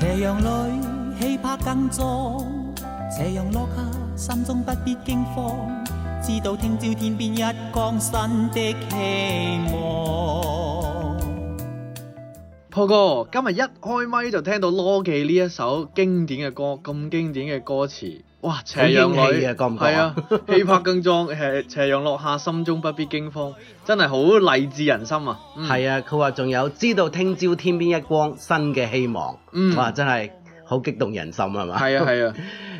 斜陽裏，氣魄更壯。斜陽落下，心中不必驚慌。知道聽朝天邊一光，新的希望。Paul 哥，今日一開咪就聽到《羅記》呢一首經典嘅歌，咁經典嘅歌詞。哇！斜陽女係啊，氣魄、啊啊、更壯。斜陽落下，心中不必驚慌。真係好勵志人心啊！係、嗯、啊，佢話仲有知道聽朝天邊一光，新嘅希望。嗯、哇，真係好激動人心啊嘛！係啊係啊！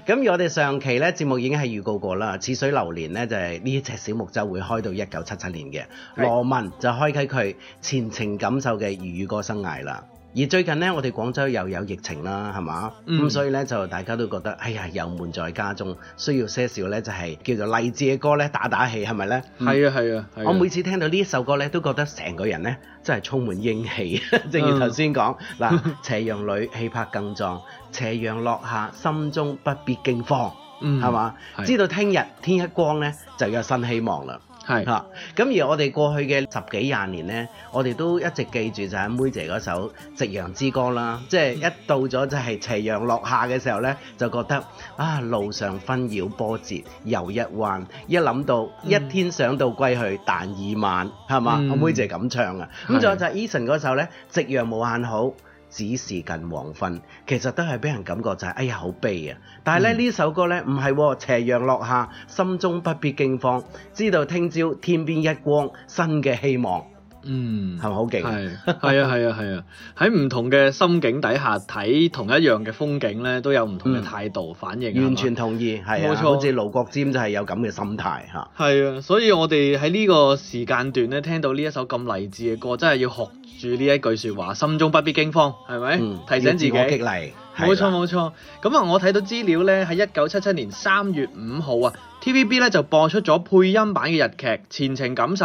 咁、啊、 我哋上期呢節目已經係預告過啦，《似水流年》呢就係呢隻小木舟會開到一九七七年嘅羅是文就開啟佢前程錦繡嘅粵語歌生涯啦。而最近呢，我哋廣州又有疫情啦，係嘛？咁、嗯、所以呢，就大家都覺得，哎呀，又悶在家中，需要些少呢，就係、是、叫做勵志嘅歌呢。打打氣係咪呢？係啊係啊，啊啊我每次聽到呢一首歌呢，都覺得成個人呢，真係充滿英氣， 正如頭先講嗱，斜陽裏氣魄更壯，斜陽 落下，心中不必驚慌，係嘛？知道聽日天一光呢，就有新希望啦。係是啊，咁而我哋過去嘅十幾廿年呢，我哋都一直記住就係妹姐嗰首《夕陽之歌》啦，即係一到咗就係斜陽落下嘅時候呢，就覺得啊，路上紛擾波折又一彎，一諗到一天想到歸去但已晚，係嘛？嗯、我妹姐咁唱啊，咁仲是有就係 Eason 嗰首咧《夕陽無限好》。只是近黃昏，其實都係俾人感覺就係、是，哎呀，好悲啊！但係咧呢、嗯、首歌呢，唔係、啊，斜陽落下，心中不必驚慌，知道聽朝天邊一光，新嘅希望。嗯，係咪好勁？係啊，係啊，係啊！喺唔、啊啊啊、同嘅心境底下睇同一樣嘅風景呢，都有唔同嘅態度反應。嗯、吧完全同意，係啊，錯啊，好似盧國沾就係、是、有咁嘅心態嚇。係啊，啊，所以我哋喺呢個時間段呢，聽到呢一首咁勵志嘅歌，真係要學。住呢一句説話，心中不必驚慌，係咪？嗯、提醒自己。自我激勵。冇錯冇錯。咁啊是的，我睇到資料咧，喺一九七七年三月五號啊，TVB 咧就播出咗配音版嘅日劇《前程錦繡》，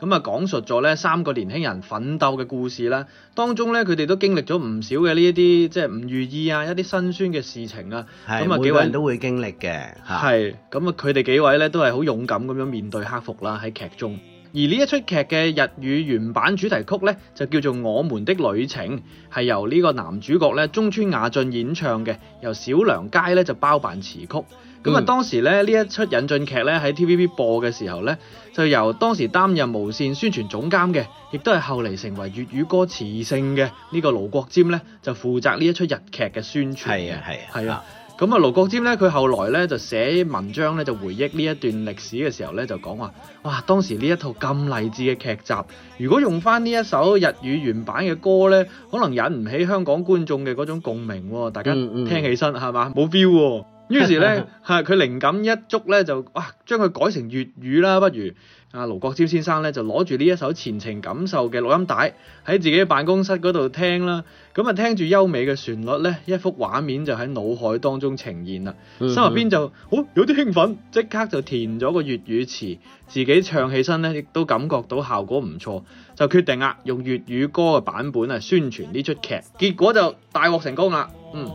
咁啊講述咗咧三個年輕人奮鬥嘅故事啦。當中咧，佢哋都經歷咗唔少嘅呢一啲即係唔如意啊，一啲辛酸嘅事情啊。啊的，係，幾位人都會經歷嘅。係。咁啊，佢哋幾位咧都係好勇敢咁樣面對克服啦，喺劇中。而呢一出劇嘅日語原版主題曲呢，就叫做《我們的旅程》，係由呢個男主角呢，中村雅俊演唱嘅，由小良佳呢就包辦詞曲。咁啊、嗯，當時咧呢一出引進劇呢，喺 TVB 播嘅時候呢，就由當時擔任無線宣傳總監嘅，亦都係後嚟成為粵語歌詞聖嘅呢個盧國沾呢，就負責呢一出日劇嘅宣傳。係啊，係啊。咁啊，盧國沾咧，佢後來咧就寫文章咧，就回憶呢一段歷史嘅時候咧，就講話，哇，當時呢一套咁勵志嘅劇集，如果用翻呢一首日語原版嘅歌咧，可能引唔起香港觀眾嘅嗰種共鳴喎、哦，大家聽起身係嘛？冇 feel 喎。於是咧，係佢 靈感一觸咧，就哇，將佢改成粵語啦，不如。啊，盧國沾先生咧就攞住呢一首前程感受嘅錄音帶喺自己嘅辦公室嗰度聽啦，咁啊聽住優美嘅旋律咧，一幅畫面就喺腦海當中呈現啦，心入 邊就哦有啲興奮，即刻就填咗個粵語詞，自己唱起身咧亦都感覺到效果唔錯，就決定啊用粵語歌嘅版本啊宣傳呢出劇，結果就大獲成功啦，嗯。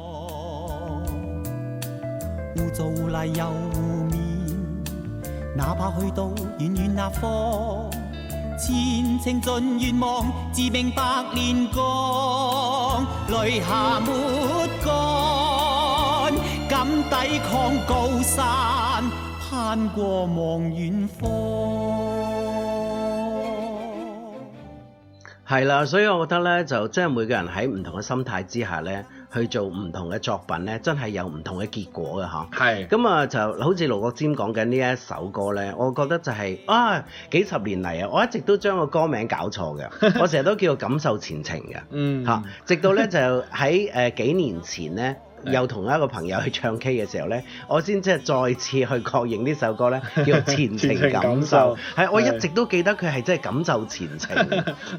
哪怕去到遠遠那、啊、方，前程盡願望，自命百年光，淚下沒乾，敢抵抗高山，攀過望遠方。係啦，所以我覺得咧，就即係每個人喺唔同嘅心態之下咧，去做唔同嘅作品呢，真係有唔同嘅結果嘅嚇。係咁是啊，就好似盧國沾講緊呢一首歌呢，我覺得就係、是、啊幾十年嚟啊，我一直都將個歌名搞錯嘅， 我成日都叫《感受前程》嘅。嗯，吓，直到呢，就喺誒、呃、幾年前呢。又同一個朋友去唱 K 嘅時候呢，我先即係再次去確認呢首歌呢，叫前程感受，係 我一直都記得佢係真係感受前程。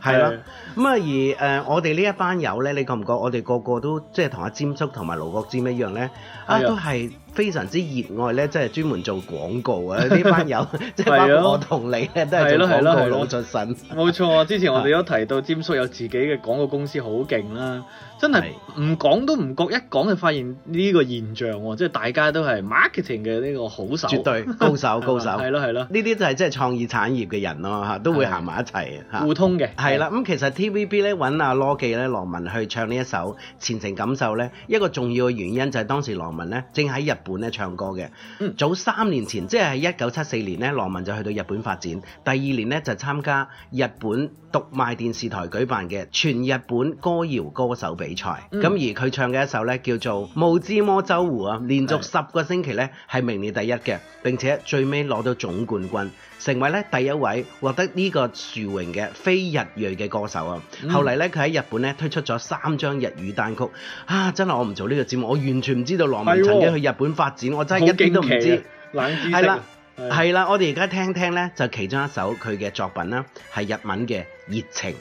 係咯。咁啊，而、呃、誒我哋呢一班友呢，你覺唔覺我哋個個都即係同阿詹叔同埋盧國沾一樣呢，啊，都係。非常之熱愛咧，即係專門做廣告啊！呢 班友即係包括我同你咧， 都係做廣告攞出身。冇 錯啊！之前我哋都提到 詹叔有自己嘅廣告公司，好勁啦！真係唔講都唔覺，一講就發現呢個現象喎！即係大家都係 marketing 嘅呢個好手，絕對高手高手。係咯係咯，呢啲就係即係創意產業嘅人咯嚇，都會行埋一齊互 通嘅。係啦，咁其實 TVB 咧揾阿羅記咧、羅文去唱呢一首《前程錦繡》咧，一個重要嘅原因就係當時羅文咧正喺日本。本咧唱歌嘅，嗯、早三年前，即係一九七四年咧，羅文就去到日本發展。第二年呢，就參加日本讀賣電視台舉辦嘅全日本歌謠歌手比賽，咁、嗯、而佢唱嘅一首呢，叫做《霧之摩周湖》啊，連續十個星期呢，係名列第一嘅，並且最尾攞到總冠軍。成為咧第一位獲得呢個殊榮嘅非日裔嘅歌手啊！嗯、後嚟咧佢喺日本咧推出咗三張日語單曲啊！真係我唔做呢個節目，我完全唔知道羅文曾經去日本發展，哦、我真係一啲都唔知。係、啊啊、 啦，係啦，啦啦我哋而家聽聽咧，就其中一首佢嘅作品啦，係日文嘅《熱情》。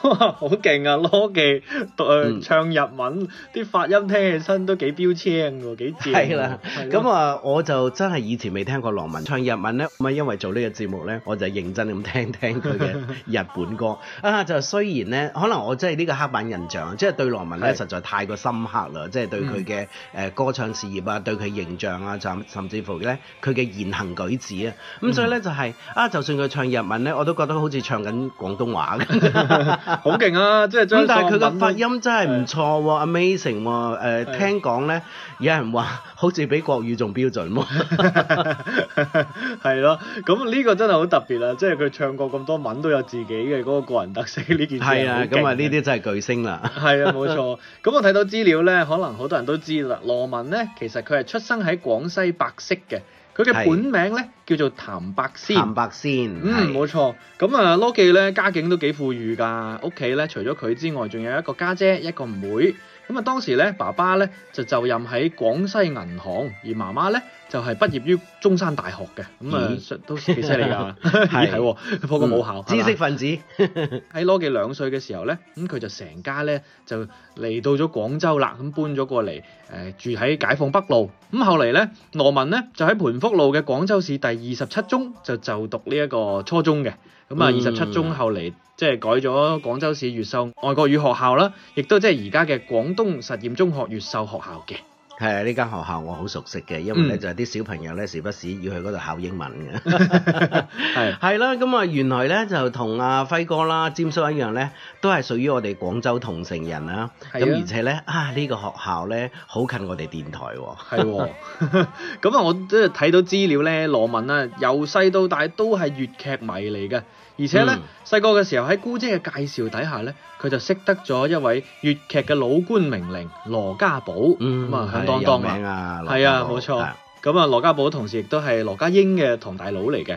好勁啊，羅技對唱日文，啲發音聽起身都幾標青喎，幾正。係啦的，咁啊的，我就真係以前未聽過羅文唱日文呢。咁啊，因為做呢個節目呢，我就係認真咁聽聽佢嘅日本歌。 啊，就雖然呢，可能我真係呢個黑板印象，即、就、係、是、對羅文呢的實在太過深刻啦，即、就、係、是、對佢嘅誒歌唱事業啊，嗯、對佢形象啊，甚至乎呢，佢嘅言行舉止啊，咁、嗯嗯、所以呢、就是，就係啊，就算佢唱日文呢，我都覺得好似唱緊廣東話咁。 好勁啊！即係咁，但係佢嘅發音真係唔錯喎，amazing 喎。誒，聽講咧，有人話好似比國語仲標準喎、啊。係 咯， 咁呢個真係好特別啊！即係佢唱過咁多文都有自己嘅嗰、嗰個個人特色呢件事係啊，咁啊呢啲真係巨星啦。係 啊，冇錯。咁我睇到資料咧，可能好多人都知啦。羅文咧，其實佢係出生喺廣西百色嘅。佢嘅本名咧叫做譚伯仙，譚伯仙，嗯，冇錯的。咁啊，羅記咧家境都幾富裕噶。屋企咧除咗佢之外，仲有一個家姐，姐，一個妹。咁啊當時咧，爸爸咧就就任喺廣西銀行，而媽媽咧就係、是、畢業於中山大學嘅，咁啊都幾犀利㗎，係係、嗯，破個母校。知識分子。喺 羅記兩歲嘅時候咧，咁、嗯、佢就成家咧就嚟到咗廣州啦，咁搬咗過嚟誒、呃、住喺解放北路。咁、嗯、後嚟咧羅文咧就喺盤福路嘅廣州市第二十七中就就讀呢一個初中嘅，咁啊二十七中後嚟。嗯即係改咗廣州市越秀外國語學校啦，亦都即係而家嘅廣東實驗中學越秀學校嘅。係啊，呢間學校我好熟悉嘅，因為咧、嗯、就係啲小朋友咧時不時要去嗰度考英文嘅。係係啦，咁啊 原來咧就同阿輝哥啦、詹叔一樣咧，都係屬於我哋廣州同城人啦。咁的而且咧啊，呢、這個學校咧好近我哋電台喎、哦。係 喎。咁啊，我即係睇到資料咧，羅文啊，由細到大都係粵劇迷嚟嘅。而且呢，細個嘅時候喺姑姐嘅介紹底下咧，佢就認識得咗一位粵劇嘅老倌名伶羅家寶，咁啊響當當名啊，係 啊，冇錯。咁啊，羅家寶同時亦都係羅家英嘅堂大佬嚟嘅。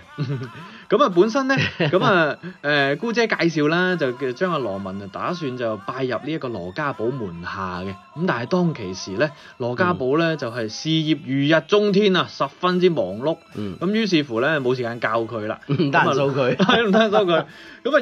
咁啊，本身呢，咁啊，姑姐介紹啦，就叫將阿羅文啊，打算就拜入呢個羅家寶門下嘅。咁但係當其時咧，羅家寶咧就係、是、事業如日中天啊，十分之忙碌。嗯。咁於是乎咧，冇時間教佢啦，唔得人收佢，咁啊，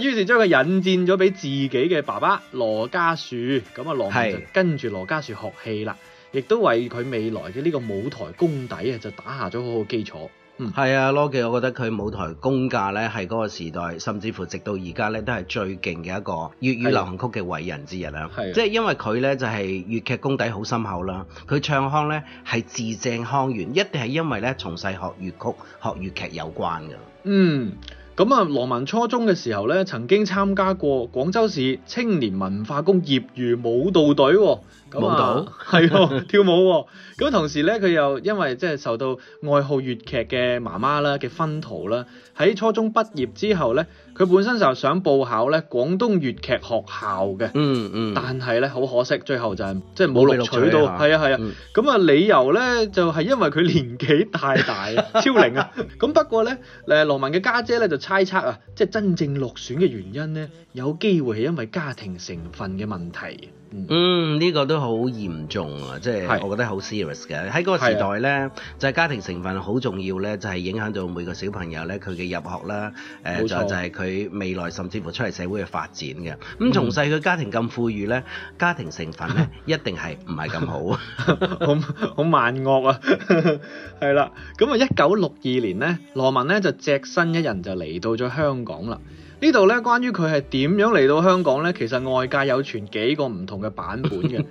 於是將佢引薦咗俾自己嘅爸爸羅家樹。咁啊，羅文就跟住羅家樹學戲啦。亦都為佢未來嘅呢個舞台功底啊，就打下咗好好基礎。嗯，係啊，羅記，我覺得佢舞台功架呢係嗰個時代，甚至乎直到而家呢，都係最勁嘅一個粵語流行曲嘅偉人之一啊。啊即係因為佢呢，就係粵劇功底好深厚啦，佢唱腔呢係字正腔圓，一定係因為呢從細學粵曲學粵劇有關㗎。嗯。咁啊，羅文初中嘅時候咧，曾經參加過廣州市青年文化宮業餘舞蹈隊，哦，舞蹈係哦跳舞哦，咁同時咧，佢又因為即係受到愛好粵劇嘅媽媽啦嘅熏陶啦，喺初中畢業之後咧。佢本身成日想報考咧廣東粵劇學校嘅、嗯，嗯嗯，但係咧好可惜，最後就係、是、即係冇錄取到，係啊係啊，咁啊、嗯、理由咧就係、是、因為佢年紀太大， 超齡零啊，咁 不過咧誒羅文嘅家姐咧就猜測啊，即係真正落選嘅原因咧，有機會係因為家庭成分嘅問題。嗯，呢、這個都好嚴重啊！即係我覺得好 serious 嘅。喺嗰個時代呢，是的 就係家庭成分好重要呢，就係、是、影響到每個小朋友呢，佢嘅入學啦。誒沒錯、呃，就就係佢未來甚至乎出嚟社會嘅發展嘅。咁、嗯、從細佢家庭咁富裕呢，家庭成分呢 一定係唔係咁好，好好萬惡啊！ 係啦，咁啊，一九六二年呢，羅文呢就隻身一人就嚟到咗香港啦。呢度咧，關於佢係點樣嚟到香港咧，其實外界有傳幾個唔同嘅版本嘅，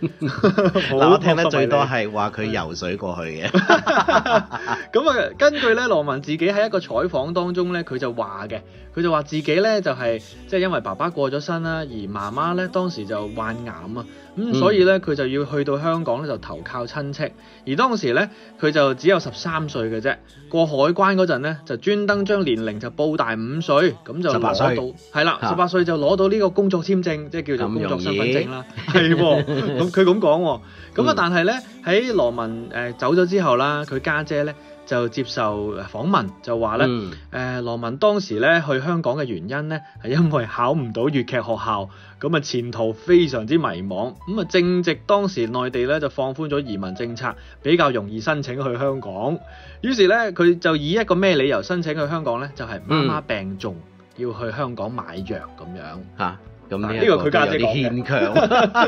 我聽得最多係話佢游水過去嘅。咁啊，根據咧羅文自己喺一個採訪當中咧，佢就話嘅。佢就話自己咧就係即係因為爸爸過咗身啦，而媽媽咧當時就患癌啊，咁、嗯、所以咧佢就要去到香港咧就投靠親戚，而當時咧佢就只有十三歲嘅啫。過海關嗰陣咧就專登將年齡就報大五歲，咁就攞到，係十八歲啦，十八、啊、歲就攞到呢個工作簽證，即係叫做工作身份證啦。係喎，咁佢咁講喎，咁啊， 啊但係咧喺羅文誒走咗之後啦，佢家姐咧。就接受訪問，就話咧，誒、嗯呃、羅文當時咧去香港嘅原因咧，係因為考唔到粵劇學校，咁啊前途非常之迷茫，咁啊正值當時內地咧就放寬咗移民政策，比較容易申請去香港，於是咧佢就以一個咩理由申請去香港咧，就係、是、媽媽病重，嗯、要去香港買藥咁樣嚇。咁呢、啊、個佢家姐有啲牽強，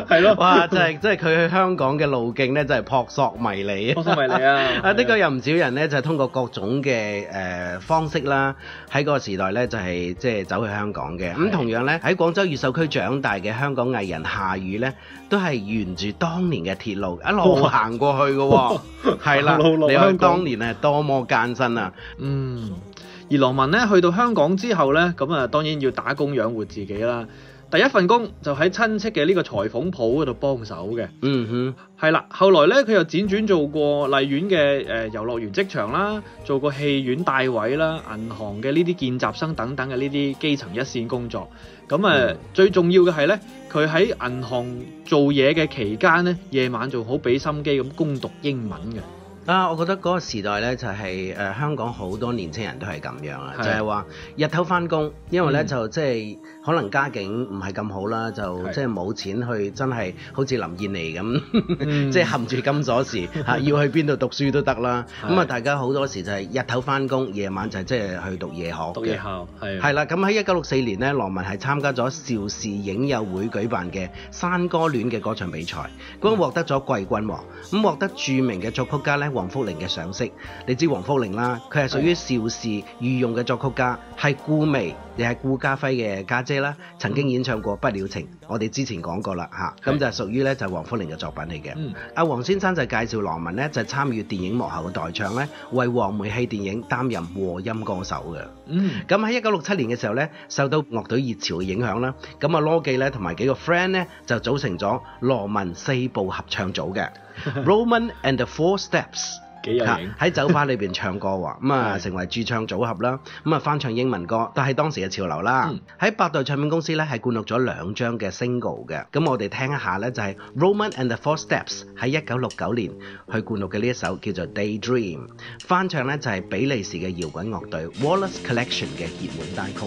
係咯？哇！就係、是，即係佢去香港嘅路徑咧，真係撲朔迷離 啊！撲朔迷離啊！啊，呢個有唔少人咧，就是、通過各種嘅誒、呃、方式啦，喺個時代咧就係、是、即係走去香港嘅。咁是同樣咧，喺廣州越秀區長大嘅香港藝人夏雨咧，都係沿住當年嘅鐵路一路行過去嘅、喔。係哇 啦，你睇當年啊，多麼艱辛啊！嗯。而羅文咧去到香港之後咧，咁啊當然要打工養活自己啦。第一份工就喺親戚嘅呢個裁縫鋪嗰度幫手嘅，嗯哼、mm，係、hmm. 啦。後來咧，佢又輾轉做過荔園嘅誒遊樂園職場啦，做過戲院帶位啦，銀行嘅呢啲見習生等等嘅呢啲基層一線工作。咁啊，mm hmm. 最重要嘅係咧，佢喺銀行做嘢嘅期間咧，夜晚仲好俾心機咁攻讀英文嘅。啊，我覺得嗰個時代咧就係、是、誒、呃、香港好多年青人都係咁樣啊，就係話日頭翻工，因為咧、嗯、就即係可能家境唔係咁好啦，就即係冇錢去，真係好似林燕妮咁，即係、嗯、 含住金鎖匙吓要去邊度讀書都得啦。咁啊、嗯，大家好多時就係日頭翻工，夜晚就係即係去讀夜學讀夜校係。啦、啊，咁喺一九六四年咧，羅文係參加咗邵氏影友會舉辦嘅山歌戀嘅歌唱比賽，咁獲得咗季軍喎。咁獲得著名嘅作曲家咧。王福齡嘅賞識，你知王福齡啦，佢係屬於邵氏御用嘅作曲家，係顧媚，亦係顧嘉輝嘅家姐啦，曾經演唱過《不了情》，我哋之前講過啦吓，咁、啊、就屬於咧就是、王福齡嘅作品嚟嘅。阿王、嗯、先生就介紹羅文呢，就參、是、與電影幕後嘅代唱咧，為黃梅戲電影擔任和音歌手嘅。嗯，咁喺一九六七年嘅時候咧，受到樂隊熱潮嘅影響啦，咁啊羅記咧同埋幾個 friend 咧就組成咗羅文四部合唱組嘅。Roman and the Four Steps，喺、啊、酒吧裏邊唱歌喎，咁啊、 嗯嗯、成為駐唱組合啦，咁啊翻唱英文歌都係當時嘅潮流啦。喺百代唱片公司咧係灌錄咗兩張嘅 single 嘅，咁我哋聽一下咧就係、是、Roman and the Four Steps 喺一九六九年去灌錄嘅呢一首叫做《Daydream》，翻唱咧就係、是、比利時嘅搖滾樂隊 Wallace Collection 嘅熱門單曲。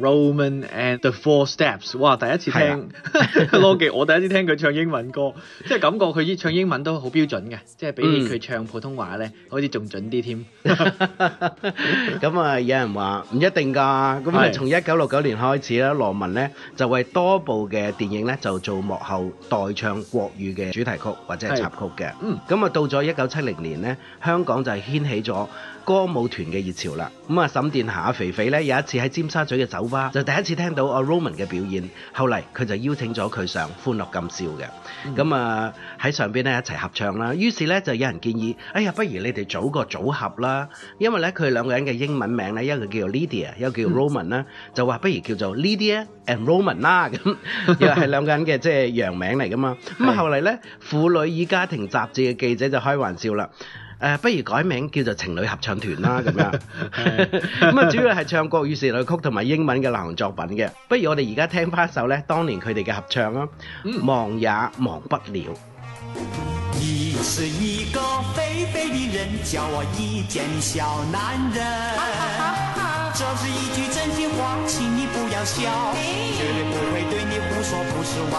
Roman and the Four Steps，哇！第一次聽 logic，我第一次聽佢唱英文歌，即係感覺佢啲唱英文都好標準嘅，即係比起佢唱普通話咧，好似仲準啲添。咁啊，有人話唔一定㗎，咁啊，從一九六九年開始啦，羅文咧就為多部嘅電影咧就做幕後代唱國語嘅主題曲或者係插曲嘅。嗯，咁啊，到咗一九七零年咧，香港就係掀起咗歌舞團嘅熱潮啦，咁、嗯、啊沈殿霞肥肥咧有一次喺尖沙咀嘅酒吧就第一次聽到阿 Roman 嘅表演，後嚟佢就邀請咗佢上《歡樂今宵》嘅、嗯，咁啊喺上邊咧一齊合唱啦。於是咧就有人建議：哎呀，不如你哋組個組合啦，因為咧佢哋兩個人嘅英文名咧，一個叫做 Lydia 一又叫 Roman 啦、嗯，就話不如叫做 Lydia and Roman 啦，咁因為係兩個人嘅即係洋名嚟噶嘛。咁、 嗯、後嚟咧，《婦女以家庭》雜誌嘅記者就開玩笑啦。誒、呃，不如改名叫做情侶合唱團啦，咁樣。咁啊，主要係唱國語時代曲同埋英文嘅流行作品嘅。不如我哋而家聽翻一首咧，當年佢哋嘅合唱啊，嗯《忘也忘不了》。你 你樂你是是是一一一個肥肥的人，叫我一隻小男人。」「叫我小男句真心不不不要笑。」「笑。」胡玩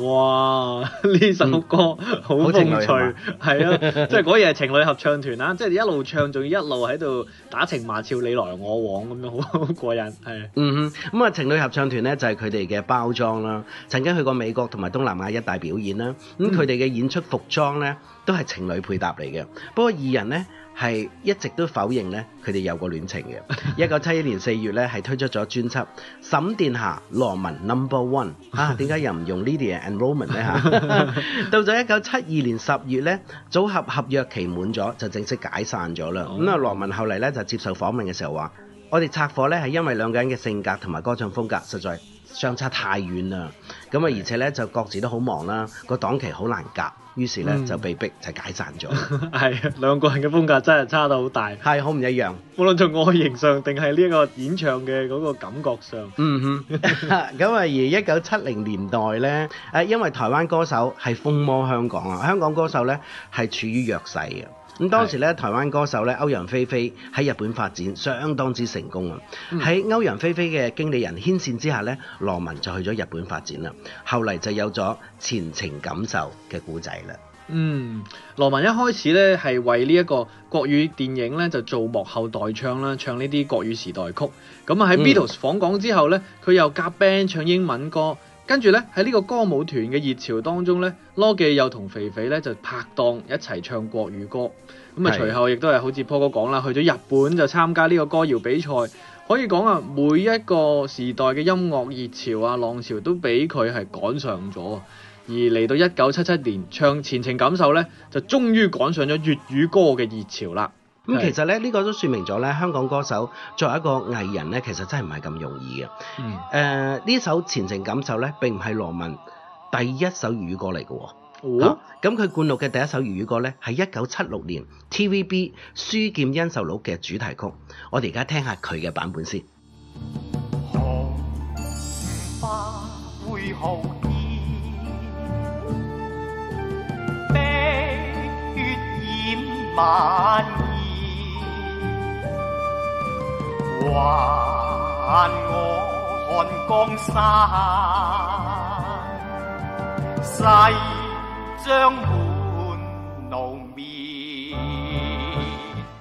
哇！呢首歌好風、嗯、趣，係吧啊， 即係嗰嘢係情侶合唱團啦， 即係一路唱，仲要一路喺度打情罵俏，你來我往咁樣，好過癮，係、啊。嗯哼，咁、嗯、啊情侶合唱團呢，就係佢哋嘅包裝啦，曾經去過美國同埋東南亞一帶表演啦，咁佢哋嘅演出服裝呢，都係情侶配搭嚟嘅，不過二人呢，係一直都否認咧，佢哋有過戀情嘅。一九七一年四月咧，係推出咗專輯《沈殿霞羅文 Number One》嚇。點解又唔用 Lydia and Roman 咧嚇？到咗一九七二年十月咧，組合合約期滿咗，就正式解散咗啦。咁啊，羅文後嚟咧就接受訪問嘅時候話：我哋拆夥咧係因為兩個人嘅性格同埋歌唱風格實在相差太遠啦。咁啊，而且咧就各自都好忙啦，個檔期好難夾。於是咧、嗯、就被逼就解散咗。係啊， 兩個人嘅風格真係差到好大，係好唔一樣。無論從外形上定係呢一個演唱嘅嗰個感覺上。嗯哼。咁啊，而一九七零年代呢，誒，因為台灣歌手係風魔香港啊，嗯、香港歌手呢係處於弱勢嘅。咁、嗯、當時咧，台灣歌手咧歐陽菲菲喺日本發展相當之成功啊！喺、嗯、歐陽菲菲嘅經理人牽線之下咧，羅文就去咗日本發展啦。後嚟就有咗前程錦繡嘅故仔啦。嗯，羅文一開始咧係為呢一個國語電影咧就做幕後代唱啦，唱呢啲國語時代曲。咁啊喺 Beatles 訪港之後咧，佢又夾 band 唱英文歌。跟住呢，喺呢個歌舞團嘅熱潮當中呢，的羅文又同肥肥呢就拍檔一齊唱國語歌。咁啊，隨後亦都係好似波哥講啦，去咗日本就參加呢個歌謠比賽。可以講啊，每一個時代嘅音樂熱潮啊浪潮都俾佢係趕上咗。而嚟到一九七七年唱前程錦繡呢，就終於趕上咗粵語歌嘅熱潮啦。咁、嗯、其實咧，呢、這個都說明咗咧，香港歌手作為一個藝人咧，其實真係唔係咁容易嘅。誒、嗯，呢、呃、首前程錦繡咧，並唔係羅文第一首粵語歌嚟嘅喎。咁佢、哦嗯、灌錄嘅第一首粵語歌咧，係一九七六年 TVB《書劍恩仇錄》嘅主題曲，我哋而家聽下佢嘅版本先。花血染還我漢江山，世將滿奴面。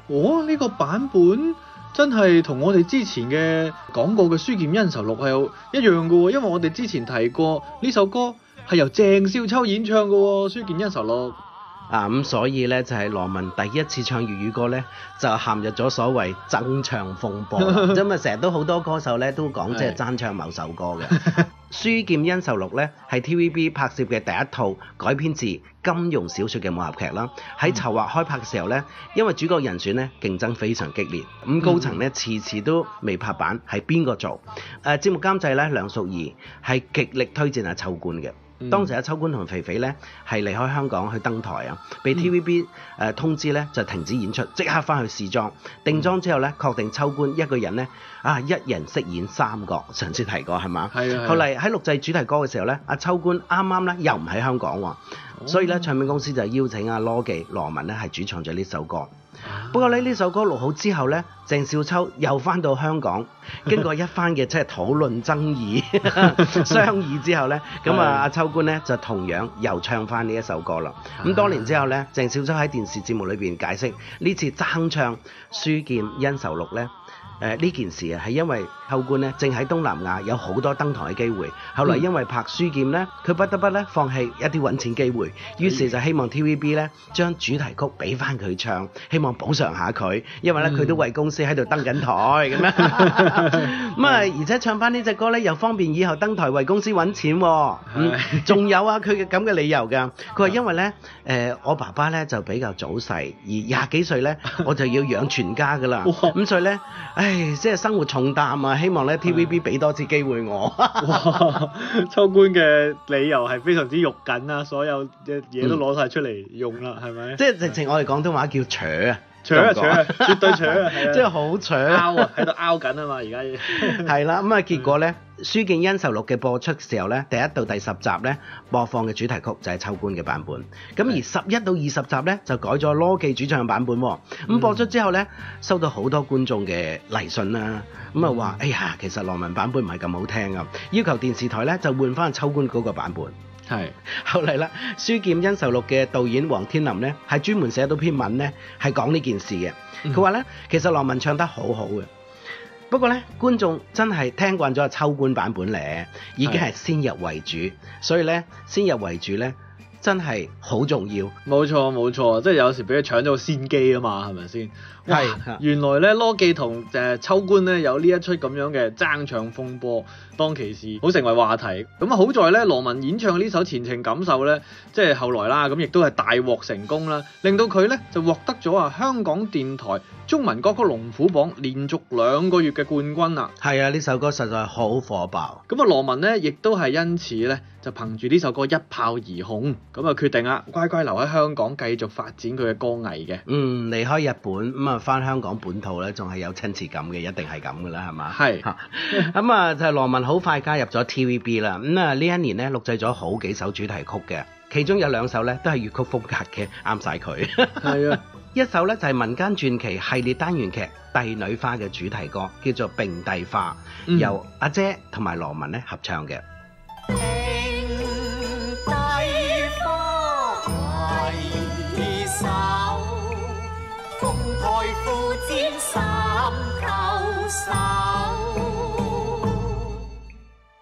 哦，呢個版本真係同我哋之前嘅講過嘅書劍恩仇錄係一樣噶，因為我哋之前提過呢首歌係由鄭少秋演唱噶，書劍恩仇錄。啊咁、嗯、所以咧就係、是、羅文第一次唱粵語歌咧，就陷入咗所謂爭唱風波。咁啊成日都好多歌手咧都講即係爭唱某首歌嘅 《書劍恩仇錄》咧，係 TVB 拍攝嘅第一套改編自金庸小説嘅武俠劇啦。喺籌劃開拍嘅時候咧，因為主角人選咧競爭非常激烈，咁高層咧次次都未拍板，係邊個做？誒、呃、節目監製咧梁淑怡係極力推薦阿秋官嘅。嗯、當時阿、啊、秋官同肥肥咧係離開香港去登台啊，被 T V B 誒、呃、通知咧就停止演出，即刻翻去試裝定裝之後咧，確定秋官一個人咧啊一人飾演三個，上次提過係嘛？係啊，是啊後來。後嚟喺錄製主題歌嘅時候咧，阿、啊、秋官啱啱咧又唔喺香港喎、啊，哦、所以咧唱片公司就邀請阿、啊、羅記羅文咧係主唱咗呢首歌。不過咧呢首歌錄好之後咧，鄭少秋又翻到香港，經過一番嘅即係討論、爭議、 商議之後呢，咁啊阿秋官呢就同樣又唱翻呢一首歌啦。咁的多年之後呢，鄭少秋喺電視節目裏邊解釋，呢次爭唱《書劍恩仇錄》呢。誒呢件事啊，係因為秋官咧，正喺東南亞有好多登台嘅機會。後來因為拍書劍咧，佢不得不咧放棄一啲揾錢機會，於是就希望 TVB 咧將主題曲俾翻佢唱，希望補償下佢，因為咧佢都為公司喺度登緊台咁樣。咁啊，而且唱翻呢隻歌咧，又方便以後登台為公司揾錢。咁仲有啊，佢嘅咁嘅理由㗎。佢話因為咧，誒我爸爸咧就比較早逝，而廿幾歲咧我就要養全家㗎啦。咁所以咧，唉，即係生活重擔啊！希望咧 TVB 俾多次機會我。 哇，秋官嘅理由係非常之肉緊啊！所有嘅嘢都攞晒出嚟用啦，係咪、嗯？吧即係直情我哋廣東話叫扯啊！搶啊搶啊！絕對搶啊！即係好搶，拗啊喺度拗緊啊嘛！而家係啦，咁啊結果咧，《書劍恩仇錄》嘅播出時候咧，第一到第十集咧播放嘅主題曲就係秋官嘅版本，咁而十一到二十集咧就改咗羅文主唱嘅版本喎。咁播出之後咧，收到好多觀眾嘅嚟信啦，咁啊話：哎呀，其實羅文版本唔係咁好聽啊，要求電視台咧就換翻秋官嗰個版本。係，是後嚟啦，《書劍恩仇錄》嘅導演王天林呢，係專門寫到篇文呢，係講呢件事嘅。佢話呢，嗯、其實羅文唱得好好嘅，不過呢，觀眾真係聽慣咗阿秋官版本咧，已經係先入為主，是所以呢，先入為主呢，真係好重要。冇錯冇錯，即係有時俾佢搶咗個先機啊嘛，係咪先？係、啊，原來咧 羅記同誒、呃、秋官咧有呢一出咁樣嘅爭唱風波，當其時好成為話題。咁、嗯、啊好在咧羅文演唱呢首前程錦繡咧，即係後來啦，咁、嗯、亦都係大獲成功啦，令到佢咧就獲得咗啊香港電台中文歌曲龍虎榜連續兩個月嘅冠軍啦。係啊，呢首歌實在係好火爆。咁啊、嗯、羅文呢，亦都係因此咧就憑住呢首歌一炮而紅，咁啊決定啊乖乖留喺香港繼續發展佢嘅歌藝嘅。嗯，離、嗯、開日本、嗯翻香港本土呢，仲係有親切感嘅，一定係咁噶啦，係嘛？係哈。咁啊，就係羅文好快加入咗 TVB 啦。咁、嗯、啊，呢一年呢錄製咗好幾首主題曲嘅，其中有兩首呢，都係粵曲風格嘅，啱晒佢。係啊，一首呢，就係民間傳奇系列單元劇《帝女花》嘅主題歌，叫做《並蒂花》，由阿、嗯啊、姐同埋羅文呢合唱嘅。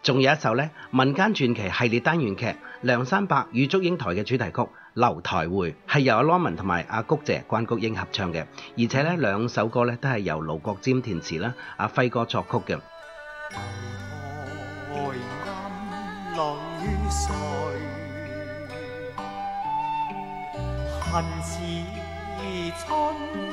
仲有一首呢，民間傳奇系列單元劇《梁山伯與祝英台》嘅主題曲《樓台會》，係由阿羅文同埋阿菊姐、關菊英合唱嘅，而且呢兩首歌呢，都係由盧國沾填詞啦，阿、啊、輝哥作曲嘅。樓暗裏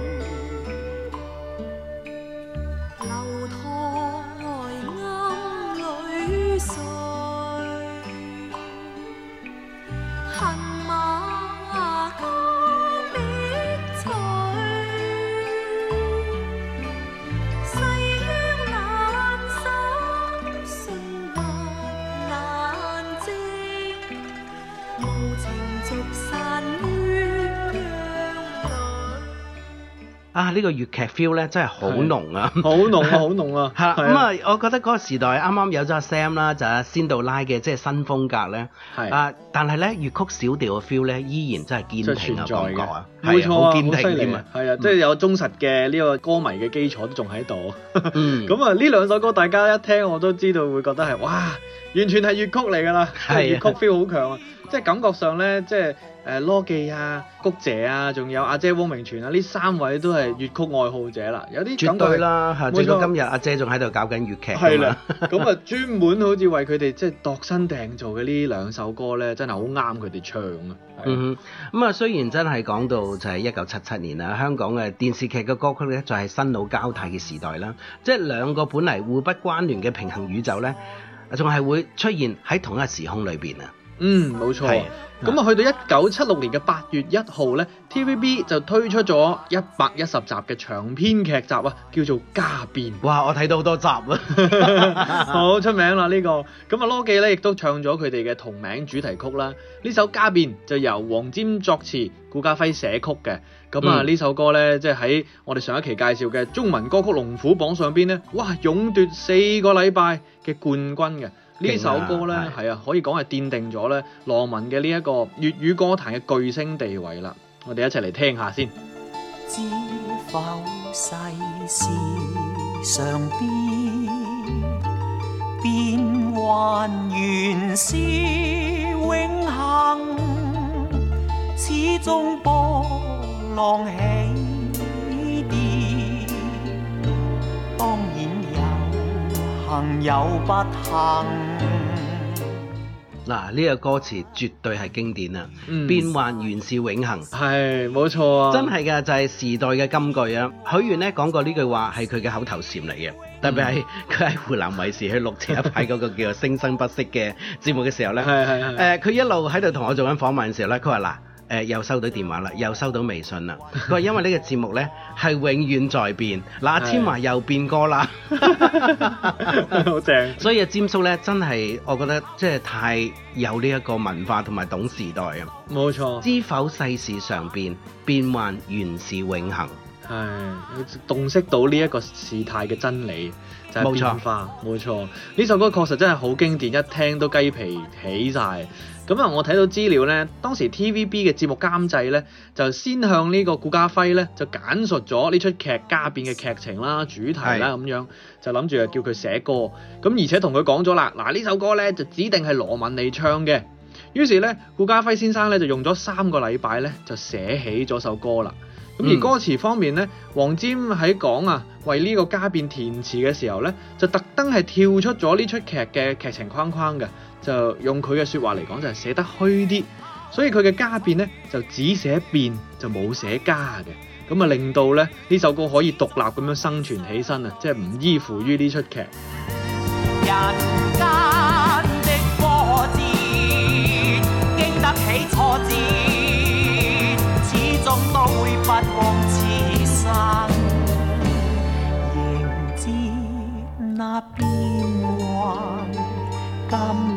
呢、啊呢個粵劇 feel 咧真係好濃啊！好濃啊！好濃啊！係咁啊，我覺得嗰個時代啱啱有咗阿 Sam 啦，就阿仙杜拉嘅即係新風格咧，係啊，但係咧粵曲小調嘅 feel 咧依然真係堅挺啊，感覺啊，冇錯好堅挺嘅，係啊，即係有忠實嘅呢個歌迷嘅基礎都仲喺度。咁啊，呢兩首歌大家一聽我都知道會覺得係哇，完全係粵曲嚟㗎啦，粵的 曲 feel 好強啊，即係 感覺上咧即係。誒、嗯、羅記啊、谷姐啊，仲有阿姐汪明荃啊，呢三位都係粵曲愛好者啦。有啲絕對啦，直到今日阿姐仲喺度搞緊粵劇。係啦、嗯，咁啊，專門好似為佢哋即係度身訂造嘅呢兩首歌咧，真係好啱佢哋唱啊。嗯咁啊，雖然真係講到就係一九七七年啦，香港嘅電視劇嘅歌曲咧，就係新老交替嘅時代啦。即係兩個本嚟互不關聯嘅平衡宇宙咧，仲係會出現喺同一個時空裏邊啊。嗯，冇錯。咁啊的，去到一九七六年嘅八月一號咧，TVB 就推出咗一百一十集嘅長篇劇集啊，叫做《家變》。哇，我睇到好多集啊， 好出名啦呢、呢個。咁啊，羅記咧亦都唱咗佢哋嘅同名主題曲啦。呢首《家變》就由黃霑作詞，顧嘉輝寫曲嘅。咁啊，呢、嗯、首歌咧，即係喺我哋上一期介紹嘅中文歌曲龍虎榜上邊咧，哇，勇奪四個禮拜嘅冠軍嘅。呢首歌咧，係啊的，可以講係奠定咗咧羅文嘅呢一個粵語歌壇嘅巨星地位啦。我哋一齊嚟聽下先。知否世事常變，變幻原是永恆，始終波浪起，有不幸嗱，呢、啊，這個歌詞絕對係經典啊！嗯、變幻原是永恒，係冇錯啊！真係噶，就係、是、時代嘅金句啊！許願呢講過呢句話係佢嘅口頭禪嚟嘅，特別係佢喺湖南衛視去錄前一排嗰個叫做《聲生不息》嘅節目嘅時候呢。係係係佢一路喺度同我做緊訪問嘅時候呢，佢話嗱。誒又收到電話啦，又收到微信啦。佢 話因為呢個節目呢係永遠在變，嗱千華又變歌啦，好正。所以阿詹叔呢，真係，我覺得即係太有呢一個文化同埋懂時代啊！冇錯。知否世事常變，變幻原是永恆。係、哎、洞悉到呢一個事態嘅真理就係、是、變化。冇錯。呢首歌確實真係好經典，一聽都雞皮起晒。咁啊！我睇到資料呢，當時 TVB 嘅節目監製呢，就先向呢個顧嘉輝呢，就簡述咗呢出劇家變嘅劇情啦、主題啦咁是樣，就諗住啊叫佢寫歌。咁而且同佢講咗啦，嗱呢首歌呢，就指定係羅文嚟唱嘅。於是呢，顧嘉輝先生呢，就用咗三個禮拜呢，就寫起咗首歌啦。咁而歌詞方面呢，黃霑喺講啊為呢個家變填詞嘅時候呢，就特登係跳出咗呢出劇嘅劇情框框嘅。就用佢嘅説話嚟講，就係寫得虛啲，所以佢嘅家變呢，就只寫變就冇寫家嘅。咁啊令到咧呢首歌可以獨立咁樣生存起身啊，即係唔依附於呢出劇。人間的波折，經得起挫折，始終都會發光此生，仍知那變幻。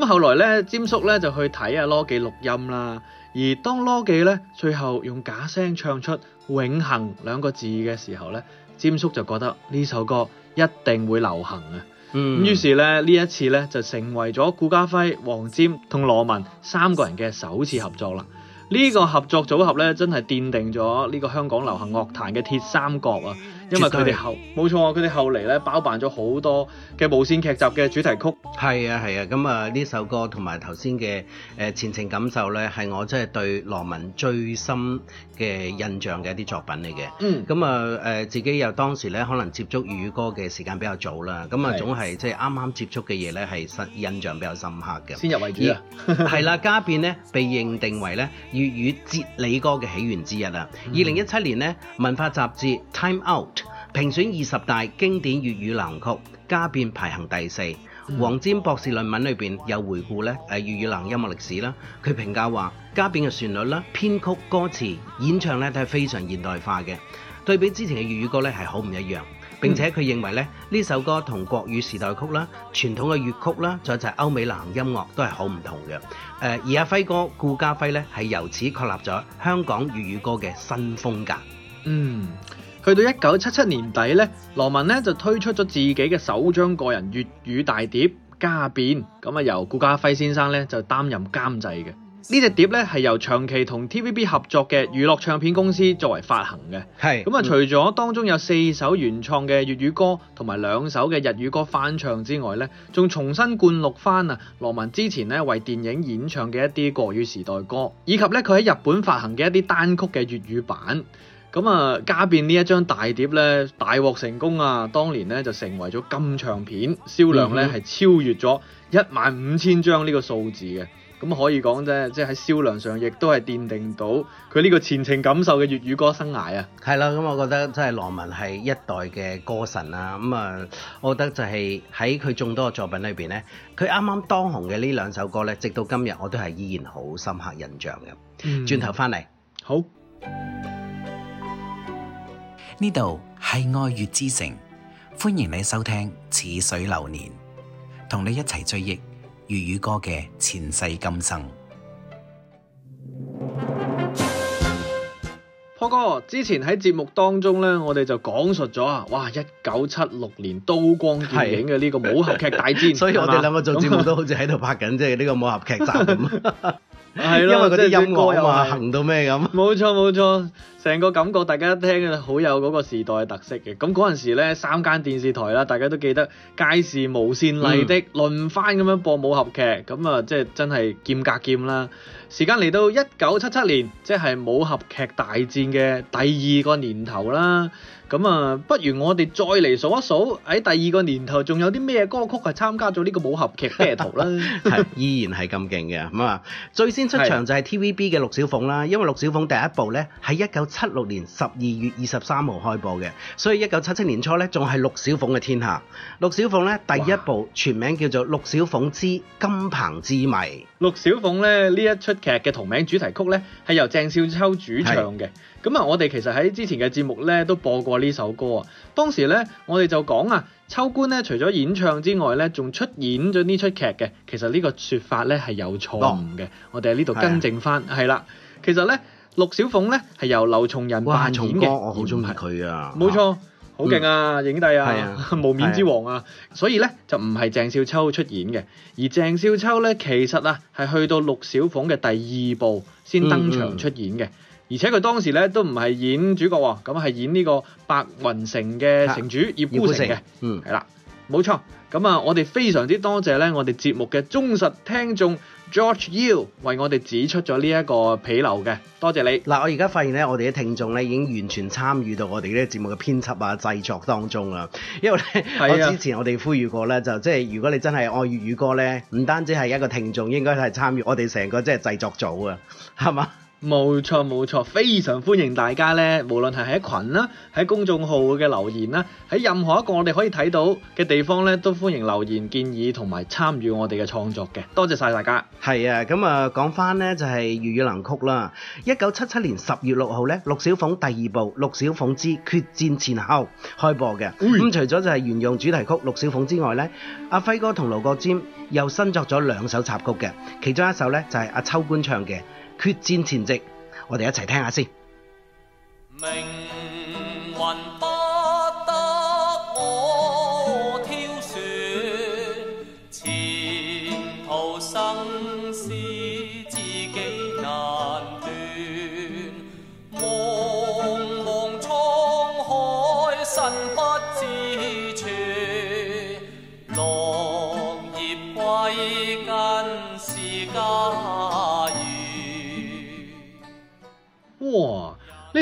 咁後來咧，霑叔咧就去睇阿羅記錄音啦。而當羅記咧最後用假聲唱出“永恒”兩個字嘅時候咧，霑叔就覺得呢首歌一定會流行啊。咁於、嗯、是咧呢一次咧就成為咗顧家輝、黃霑同羅文三個人嘅首次合作啦。呢、這個合作組合咧真係奠定咗呢個香港流行樂壇嘅鐵三角啊！絕因為佢哋後，冇錯啊，佢哋後嚟咧包辦咗好多嘅無線劇集嘅主題曲。係啊係啊，咁啊呢、啊、首歌同埋頭先嘅誒前程錦繡咧，係我即係對羅文最深嘅印象嘅一啲作品嚟嘅。嗯，咁啊誒自己又當時咧可能接觸粵語歌嘅時間比較早啦，咁啊總係即係啱啱接觸嘅嘢咧係深印象比較深刻嘅。先入為主啊，係啦，家變咧被認定為咧粵語哲理歌嘅起源之一啦。二零一七年咧文化雜誌 Time Out。評選二十大經典粵語男曲，家變排行第四。黃沾、mm hmm. 博士論文裏邊有回顧咧，誒粵語男音樂歷史啦。佢評價話，家變嘅旋律啦、編曲、歌詞、演唱咧，都係非常現代化嘅。對比之前嘅粵語歌咧，係好唔一樣。並且佢認為咧，呢首歌同國語時代曲啦、傳統嘅粵曲啦，再就係歐美男音樂都係好唔同嘅。誒、呃，而阿輝哥顧嘉輝咧，係由此確立咗香港粵語歌嘅新風格。嗯、mm。Hmm. 去到一九七七年底咧，羅文咧就推出咗自己嘅首張個人粵語大碟《家變》，咁啊由顧嘉輝先生咧就擔任監製嘅。呢隻 碟咧係由長期同 TVB 合作嘅娛樂唱片公司作為發行嘅。係咁啊， 除咗當中有四首原創嘅粵語歌同埋兩首嘅日語歌翻唱之外咧，仲重新灌錄翻啊羅文之前咧為電影演唱嘅一啲國語時代歌，以及咧佢喺日本發行嘅一啲單曲嘅粵語版。咁啊，家變呢一張大碟咧，大獲成功啊！當年咧就成為咗金唱片銷量咧係、嗯、哼超越咗一萬五千張呢個數字嘅，咁可以講啫，即係喺銷量上亦都係奠定到佢呢個前程錦繡嘅粵語歌生涯啊！係啦，咁我覺得真係羅文係一代嘅歌神啊！咁、嗯、啊，我覺得就係喺佢眾多嘅作品裏邊咧，佢啱啱當紅嘅呢兩首歌咧，直到今日我都係依然好深刻印象嘅。嗯，轉頭翻嚟，好。呢度係愛粵之城，歡迎你收聽《似水流年》，同你一齊追憶粵語歌嘅前世今生。波哥，之前喺節目當中呢，我哋就講述咗啊，哇！一九七六年刀光電影嘅呢個武俠劇大戰，是 所以我哋兩個做節目都好似喺度拍緊即係呢個武俠劇集咁。 係咯， 因為嗰啲音樂又 行到咩咁？冇錯冇錯，成 個感覺大家一聽嘅好有嗰個時代特色嘅。咁嗰陣時咧，三間電視台啦，大家都記得佳視、無綫、麗的，輪、嗯、番咁樣播武俠劇，咁啊，即係真係劍格劍啦。時間嚟到一九七七年，即係武俠劇大戰嘅第二個年頭啦。咁啊，不如我哋再嚟數一數喺第二個年頭仲有啲咩歌曲係參加咗呢個武俠劇 battle 啦。係， 依然係咁勁嘅。咁啊，最先出場就係 TVB 嘅陸小鳳啦。因為陸小鳳第一部呢，喺一九七六年十二月二十三號開播嘅，所以一九七七年初呢，仲係陸小鳳嘅天下。陸小鳳呢，第一部全名叫做《陸小鳳之金鵬之謎》。陸小鳳咧，呢一出劇嘅同名主題曲咧，係由鄭少秋主唱嘅。咁啊是我哋其實喺之前嘅節目咧都播過呢首歌啊，當時咧我哋就講啊，秋官咧除咗演唱之外咧仲出演咗呢出劇嘅，其實呢個說法咧係有錯誤嘅，我哋喺呢度更正翻，係啦，其實咧陸小鳳咧係由劉松仁扮演嘅，哇，重哥我好中意佢啊，冇錯錯。啊好勁啊，嗯、影帝啊，啊無冕之王啊，啊所以咧就唔係鄭少秋出演嘅，而鄭少秋咧其實啊係去到陸小鳳嘅第二部先登場出演嘅，嗯嗯、而且佢當時咧都唔係演主角喎，咁係演呢個白雲城嘅城主葉孤、啊、城嘅，係啦，冇錯、嗯，咁啊我哋非常之多謝咧我哋節目嘅忠實聽眾。George U 為我哋指出咗呢一個紕漏嘅，多謝你。嗱，我而家發現咧，我哋啲聽眾咧已經完全參與到我哋呢個節目嘅編輯啊製作當中啦，因為咧、啊、我之前我哋呼籲過咧，就即係如果你真係愛粵語歌咧，唔單止係一個聽眾，應該係參與我哋成個即係製作組啊，係嘛，嗯。冇錯冇錯，非常歡迎大家咧，無論係喺群啦，喺公眾號嘅留言啦，喺任何一個我哋可以睇到嘅地方咧，都歡迎留言建議同埋參與我哋嘅創作嘅。多謝晒大家。係啊，咁、嗯、啊講返咧就係粵語名曲啦。一九七七年十月六號咧，《陸小鳳》第二部《陸小鳳之決戰前後》開播嘅。咁、哎嗯、除咗就係原用主題曲《陸小鳳》之外咧，阿、啊、輝哥同盧國沾又新作咗兩首插曲嘅，其中一首咧就係、是、阿、啊、秋官唱嘅。決戰前夕，我哋一齊聽一下先。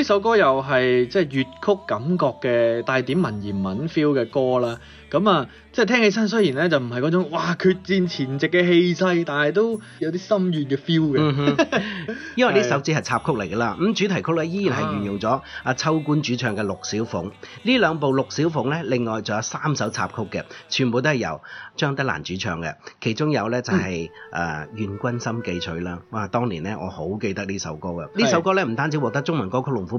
首歌又係即係粵曲感覺嘅，帶點文言文 feel 嘅歌啦。咁、嗯、啊，即係聽起身雖然咧就唔係嗰種哇決戰前夕嘅氣勢，但係都有啲心願嘅 feel 嘅。因為呢首只係插曲嚟噶啦，咁主題曲咧依然係沿用咗阿秋官主唱嘅陸小鳳。呢兩部陸小鳳咧，另外仲有三首插曲嘅，全部都係由張德蘭主唱嘅。其中有咧就係、是、誒、嗯呃《願君心記取》啦。哇，當年咧我好記得呢首歌嘅。呢的 首歌咧唔單止獲得中文歌曲龍虎。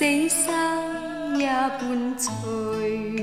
死生也伴隨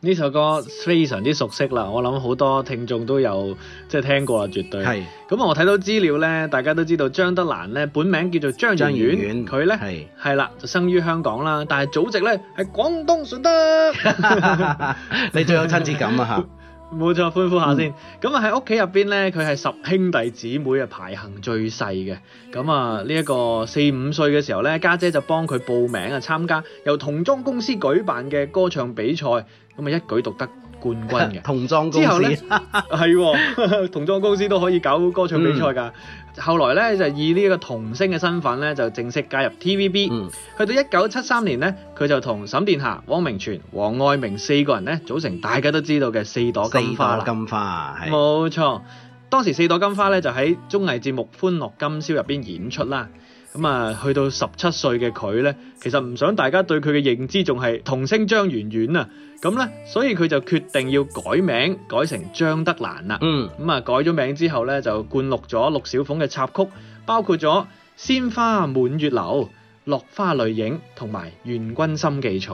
呢首歌非常之熟悉啦，我諗好多聽眾都有即係聽過啦，絕對係。咁是我睇到資料呢，大家都知道張德蘭呢，本名叫做張圓圓，佢呢，係係啦，就生於香港啦，但係祖籍呢，係廣東順德。 你最有親切感啊吓！ 冇錯，歡呼下先。咁啊喺屋企入邊咧，佢係十兄弟姊妹啊，排行最細嘅。咁啊呢一個四五歲嘅時候咧，家姐就幫佢報名啊，參加由童裝公司舉辦嘅歌唱比賽，咁啊一舉奪得冠軍嘅。童裝公司之後咧，係喎，童裝公司都可以搞歌唱比賽㗎。嗯後來咧，就以呢一個童星嘅身份咧，就正式加入 TVB，嗯。去到一九七三年咧，佢就同沈殿霞、汪明荃、王愛明四個人咧，組成大家都知道嘅四朵金花啦。金花，冇錯。當時四朵金花咧，就喺綜藝節目《歡樂今宵》入邊演出啦。嗯咁啊，去到十七歲嘅佢呢，其實唔想大家對佢嘅認知仲係童星張圓圓啊，咁呢，所以佢就決定要改名，改成張德蘭啦。嗯，咁啊，改咗名之後呢，就灌錄咗陸小鳳嘅插曲，包括咗《鮮花滿月樓》、《落花淚影》同埋《願君心記取》。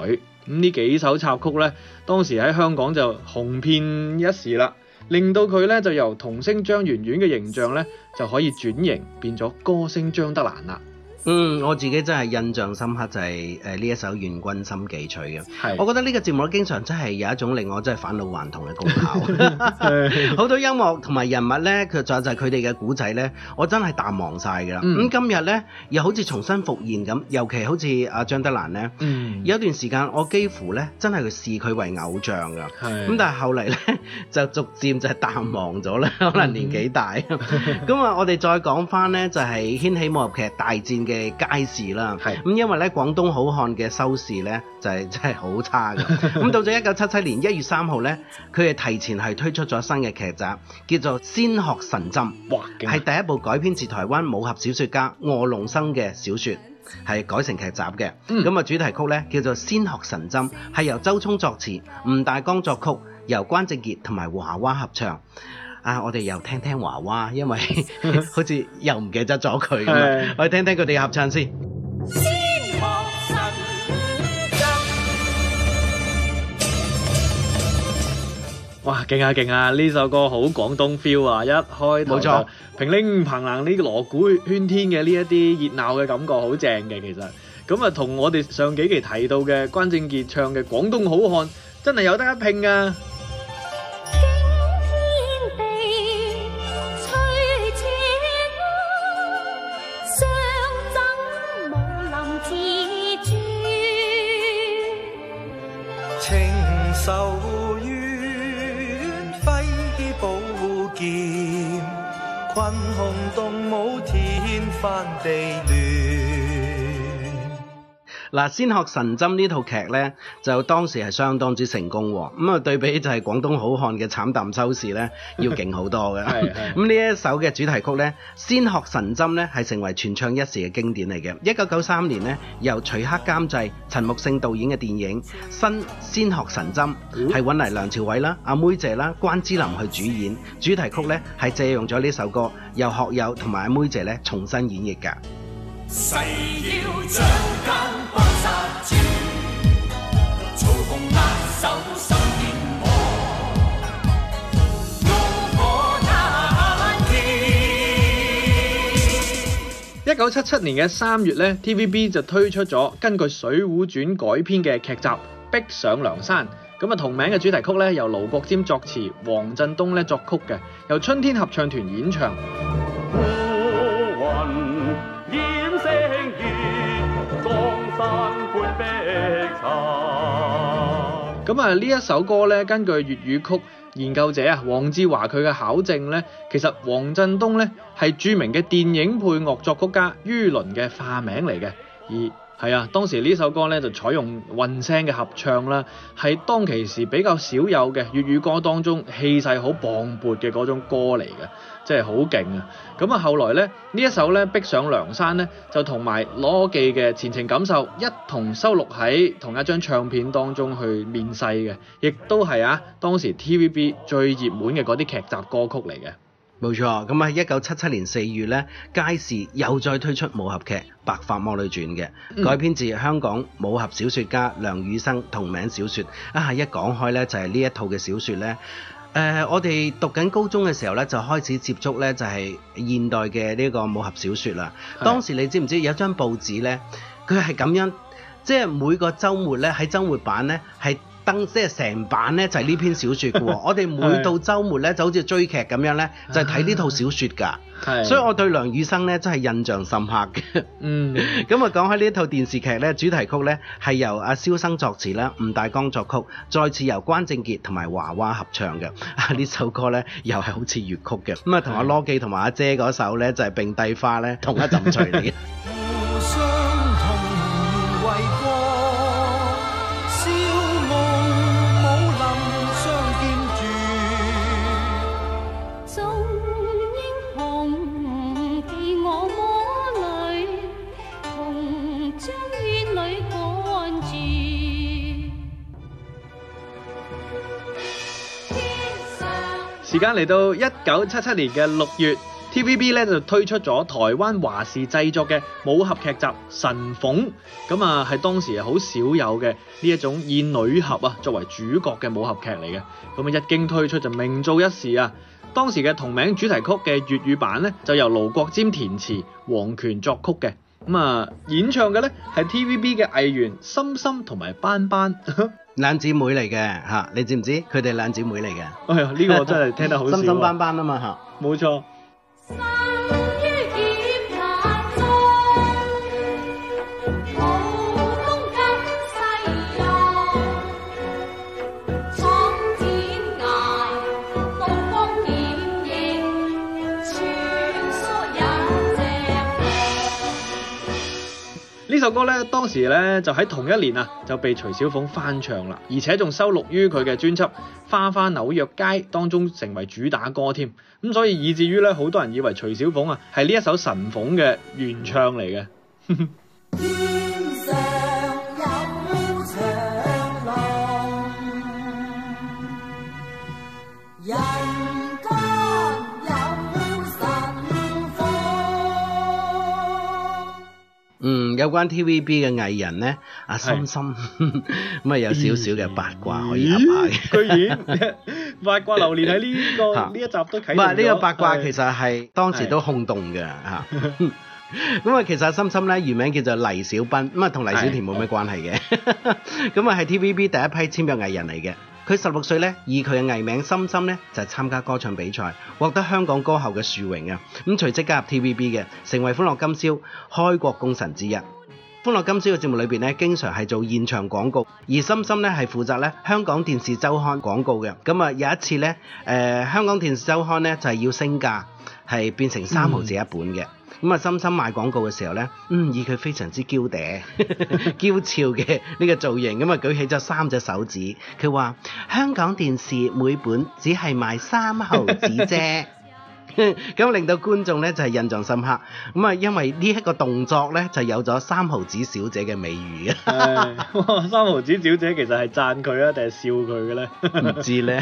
咁呢幾首插曲呢，當時喺香港就紅遍一時啦，令到佢呢，就由童星張圓圓嘅形象呢，就可以轉型變咗歌星張德蘭啦。嗯，我自己真係印象深刻就係誒呢一首《願君心記取》。嘅是，我覺得呢個節目經常真係有一種令我真係返老還童嘅功效。好 多音樂同埋人物呢，佢就係佢哋嘅古仔呢，我真係淡忘晒㗎啦。咁、嗯嗯、今日呢，又好似重新復現咁，尤其好似阿、啊、張德蘭呢。嗯、有一段時間我幾乎呢，真係視佢為偶像㗎。咁是、嗯、但係後嚟呢，就逐漸就係淡忘咗啦，可能年紀大。咁 啊、嗯，我哋再講翻呢，就係《掀起幕布劇大戰》嘅。街市啦，咁因為咧廣東好漢嘅收視咧就係真係好差嘅。咁到咗一九七七年一月三號咧，佢係提前係推出咗新嘅劇集，叫做《仙鶴神針》，係第一部改編自台灣武俠小說家臥龍生嘅小說，係改成劇集嘅。咁啊主題曲咧叫做《仙鶴神針》，係由周聰作詞，吳大江作曲，由關正傑同埋華娃合唱。啊！我哋又聽聽華娃，因為好似又唔記得咗佢，我哋聽聽佢哋合唱先。哇！勁啊勁啊！呢首歌好廣東 feel 啊！一開冇錯，平鈴彭蘭呢鑼鼓喧天嘅呢一啲熱鬧嘅感覺好正嘅，其實咁啊，同我哋上幾期提到嘅關正傑唱嘅《廣東好漢》真係有得一拼噶。愁怨揮寶劍，群雄動武，天翻地亂。嗱，仙鶴神針呢套劇呢，就當時係相當之成功，咁啊對比就係廣東好漢嘅慘淡收視呢，要勁好多嘅。咁呢 的一首嘅主題曲呢，仙鶴神針呢係成為傳唱一時嘅經典嚟嘅。一九九三年呢，由徐克監製、陳木勝導演嘅電影《新仙鶴神針》，係揾嚟梁朝偉啦、阿、啊、妹姐啦、啊、關之琳去主演，主題曲呢係借用咗呢首歌，由學友同埋阿妹姐呢重新演繹嘅。一九七七年嘅三月咧，TVB 就推出咗根據《水滸傳》改編嘅劇集《逼上梁山》。咁啊，同名嘅主題曲咧，由盧國沾作詞，黃振東咧作曲嘅，由春天合唱團演唱。浮雲掩星月，江山半壁霞。咁啊，呢一首歌咧，根據粵語曲。研究者啊，黃志華佢嘅考證咧，其實黃振東咧係著名嘅電影配樂作曲家于倫嘅化名嚟嘅，而係啊，當時呢首歌咧就採用混聲嘅合唱啦，係當其時比較少有嘅粵語歌當中氣勢好磅礴嘅嗰種歌嚟嘅。真係好勁啊！咁啊，後來呢，呢一首呢，逼上梁山呢，就同埋羅記嘅前程錦繡一同收錄喺同一張唱片當中去面世嘅，亦都係啊當時 TVB 最熱門嘅嗰啲劇集歌曲嚟嘅。冇錯，咁啊，一九七七年四月呢，佳視又再推出武俠劇《白髮魔女傳》嘅改編自香港武俠小說家梁羽生同名小説。啊，一講開一呢，就係呢一套嘅小説呢。誒、呃，我哋讀緊高中嘅時候咧，就開始接觸咧，就係、係、現代嘅呢個武俠小説啦。的當時你知唔知有張報紙咧，佢係咁樣，即係每個周末咧喺周末版咧係。即係成版咧就係呢篇小説嘅喎， 我哋每到週末咧就好似追劇咁樣咧，就睇呢套小説噶，所以我對梁羽生咧真係印象深刻嘅。 嗯，咁啊講開呢套電視劇咧，主題曲咧係由阿蕭生作詞啦，吳大江作曲，再次由關正傑同埋華娃合唱嘅。啊，呢首歌咧又係好似粵曲嘅，咁啊同阿羅記同埋阿姐嗰首咧就係、係、並蒂花咧同一陣隨嚟嘅。 時間嚟到一九七七年嘅六月，TVB 咧就推出咗台灣華視製作嘅武俠劇集《神鳳》，咁啊係當時啊好少有嘅呢一種以女俠啊作為主角嘅武俠劇嚟嘅。咁啊一經推出就名噪一時啊！當時嘅同名主題曲嘅粵語版咧就由盧國沾填詞、黃權作曲嘅，咁啊演唱嘅咧係 TVB 嘅藝員森森同埋斑斑。森森 兩姊妹嚟嘅吓，你知唔知？佢哋兩姊妹嚟嘅。哎呀，呢、這個真係聽得好森森斑斑啊嘛吓。冇錯。 呢首歌咧，當時咧就喺同一年啊，就被徐小鳳翻唱啦，而且仲收錄於佢嘅專輯《花花紐約街》當中，成為主打歌添。咁所以，以至於咧，好多人以為徐小鳳啊係呢一首神鳳嘅原唱嚟嘅。呵呵嗯，有關 TVB 嘅藝人咧，阿、啊、森森咁啊，有少少嘅八卦可以噏下。嘅。居然八卦流連喺呢個呢一集都睇唔係，呢個八卦其實係當時都轟動嘅嚇。咁啊、嗯，其實、啊、森森咧原名叫做黎小斌，咁啊同黎小田冇咩關係嘅。咁啊，係 TVB 第一批簽約藝人嚟嘅。佢十六歲咧，以佢嘅藝名森森咧就參加歌唱比賽，獲得香港歌后嘅殊榮啊！咁隨即加入 TVB 嘅，成為歡樂今宵開國功臣之一。歡樂今宵嘅節目裏邊咧，經常係做現場廣告，而森森咧係負責咧香港電視週刊廣告嘅。咁啊有一次咧，誒、呃、香港電視週刊咧就係要升價，係變成三毫紙一本嘅。嗯咁啊，森森賣廣告嘅時候咧，嗯，以佢非常之嬌嗲、嬌俏嘅呢個造型，咁啊舉起咗三隻手指，佢話香港電視每本只係賣三毫紙啫。 咁 令到觀眾咧就係、是、印象深刻，咁啊因為呢一個動作咧就是、有咗三毫子小姐嘅美譽嘅。 三毫子小姐其實係讚佢啊，定係笑佢嘅咧？唔 知咧，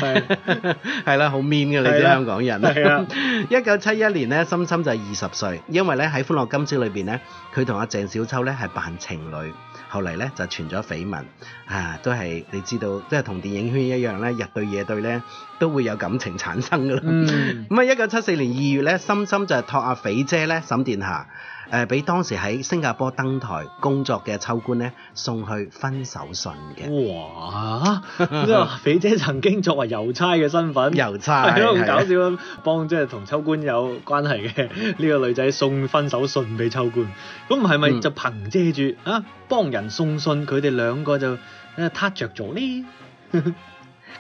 係啦 了，好 mean 嘅你啲香港人。係啊，一九七一年咧，森森就係二十歲，因為咧喺《歡樂今宵》裡面呢裏邊咧，佢同阿鄭少秋咧係扮情侶，後嚟咧就傳咗緋聞，啊都係你知道，即係同電影圈一樣咧，日對夜對咧。都會有感情產生噶。咁啊、嗯，一九七四年二月咧，森森就係託阿肥姐咧，沈殿霞誒，俾、呃、當時喺新加坡登台工作嘅秋官咧，送去分手信嘅。哇！即係肥姐曾經作為郵差嘅身份，郵差咁搞笑咯，的幫即係同秋官有關係嘅呢個女仔送分手信俾秋官。咁係咪就憑藉住、嗯、啊，幫人送信，佢哋兩個就誒撻著咗呢？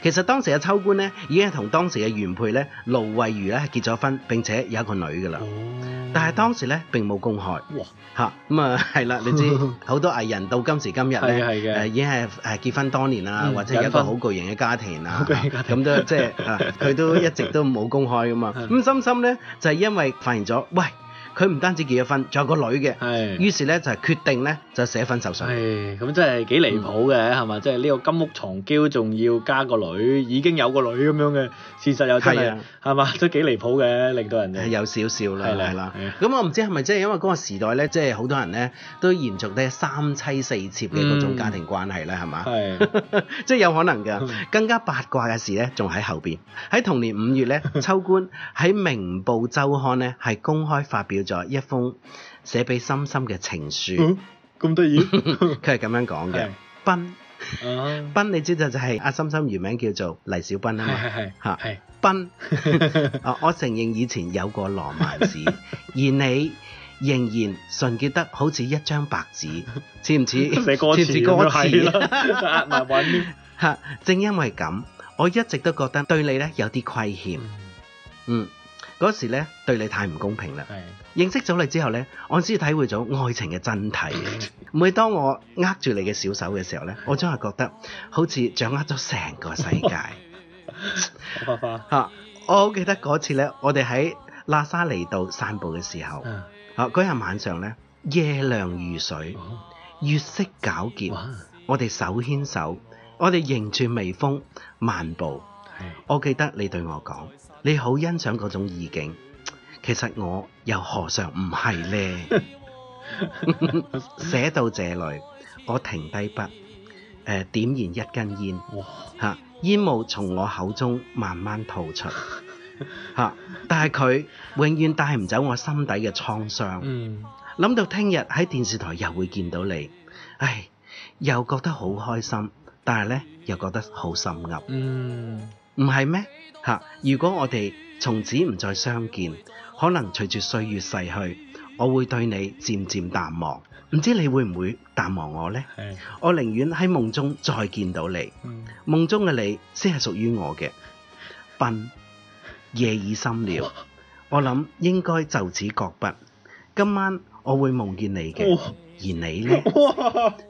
其實當時嘅秋官咧，已經係同當時嘅原配咧盧慧如咧係結咗婚，並且有一個女噶啦。但係當時咧並冇公開。吓，咁哇啊，係啦，你知好多藝人到今時今日咧，誒、嗯的啊、已經係誒、啊、結婚多年啊，或者有一個好巨型嘅家庭，嗯、啊，咁都、嗯嗯、即係啊，佢都一直都冇公開噶嘛。咁森森咧就係、是、因為發現咗，喂，佢唔單止結咗婚，仲有個女嘅。係。於是咧就係決定咧就寫分手信。咁真係幾離譜嘅，係嘛？即係呢個金屋藏嬌，仲要加個女，已經有個女咁樣嘅事實又真係係嘛？都幾離譜嘅，令到人哋有少少啦。係啦。咁我唔知係咪即係因為嗰個時代咧，即係好多人咧都延續啲三妻四妾嘅嗰種家庭關係啦，係嘛？係。即係有可能㗎。更加八卦嘅事咧，仲喺後邊。喺同年五月咧，秋官喺《明報周刊》咧係公開發表。在咗一封寫俾森森嘅情書，咁得意，佢係咁樣講嘅。斌，斌，你知道就係阿森森原名叫做黎小斌啊嘛，吓，斌，我承認以前有過浪漫史，而你仍然純潔得好似一張白紙，似唔似寫歌詞咯？吓，正因為咁，我一直都覺得對你咧有啲虧欠，嗯，嗰時咧對你太唔公平啦。認識咗你之後呢，我先體會到愛情嘅真諦。 每當我握住你嘅小手嘅時候呢，我真係覺得好似掌握咗成個世界。 我好記得嗰次呢，我哋喺納沙尼道散步嘅時候，嗰日 晚上呢，夜涼如水，月色皎潔，我哋手牽手，我哋迎住微風漫步。 我記得你對我講，你好欣賞嗰種意境。其實我又何嘗唔係呢？ 寫到這裏，我停低筆，誒、呃、點燃一根煙，嚇哇煙霧從我口中慢慢吐出，嚇！ 但係佢永遠帶唔走我心底嘅創傷。諗、嗯、到聽日喺電視台又會見到你，唉，又覺得好開心，但係呢，又覺得好心噏。唔係咩？嚇！如果我哋從此唔再相見。可能隨住歲月逝去，我會對你漸漸淡忘，唔知你會唔會淡忘我呢？的我寧願喺夢中再見到你，嗯、夢中嘅你先係屬於我嘅。笨，夜已深了，哇我諗應該就此擱筆。今晚我會夢見你嘅，哦、而你呢？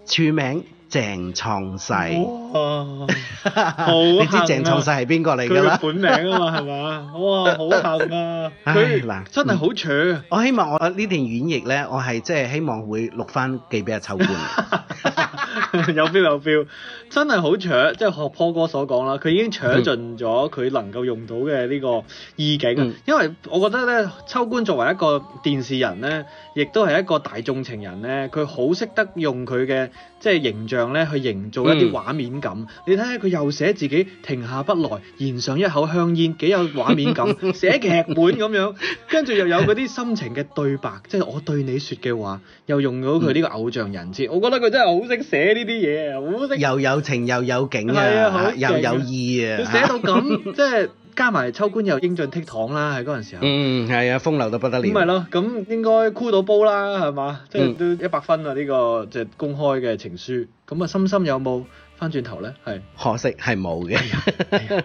署哇名。鄭創世哇， 啊、 你知鄭創世係邊個嚟噶啦？本名啊嘛，係嘛？ 哇，好行啊！佢嗱、 哎、呀真係好長、嗯。我希望我呢段演繹咧，我係即係希望會錄翻寄俾阿秋官。 有 feel 有 feel，真係好搶，即係學 Paul 哥所講啦。佢已經搶盡咗佢能夠用到嘅呢個意境。嗯、因為我覺得咧，秋官作為一個電視人咧，亦都係一個大眾情人咧，佢好識得用佢嘅即係形象咧去營造一啲畫面感。嗯、你睇下佢又寫自己停下不來，燃上一口香煙，幾有畫面感，嗯、寫劇本咁樣，跟住又有嗰啲心情嘅對白，即係我對你説嘅話，又用到佢呢個偶像人設。嗯、我覺得佢真係～好識寫呢啲嘢，好識又有情又有景啊，又有意啊！寫到咁，即係加埋秋官又英俊倜儻啦，喺嗰陣時候。嗯，係啊，風流到不得了。咁咪咯，咁應該酷到煲啦，係嘛？即係都一百分啊！呢個即係公開嘅情書。咁啊，森森有冇翻轉頭咧？係可惜係冇嘅。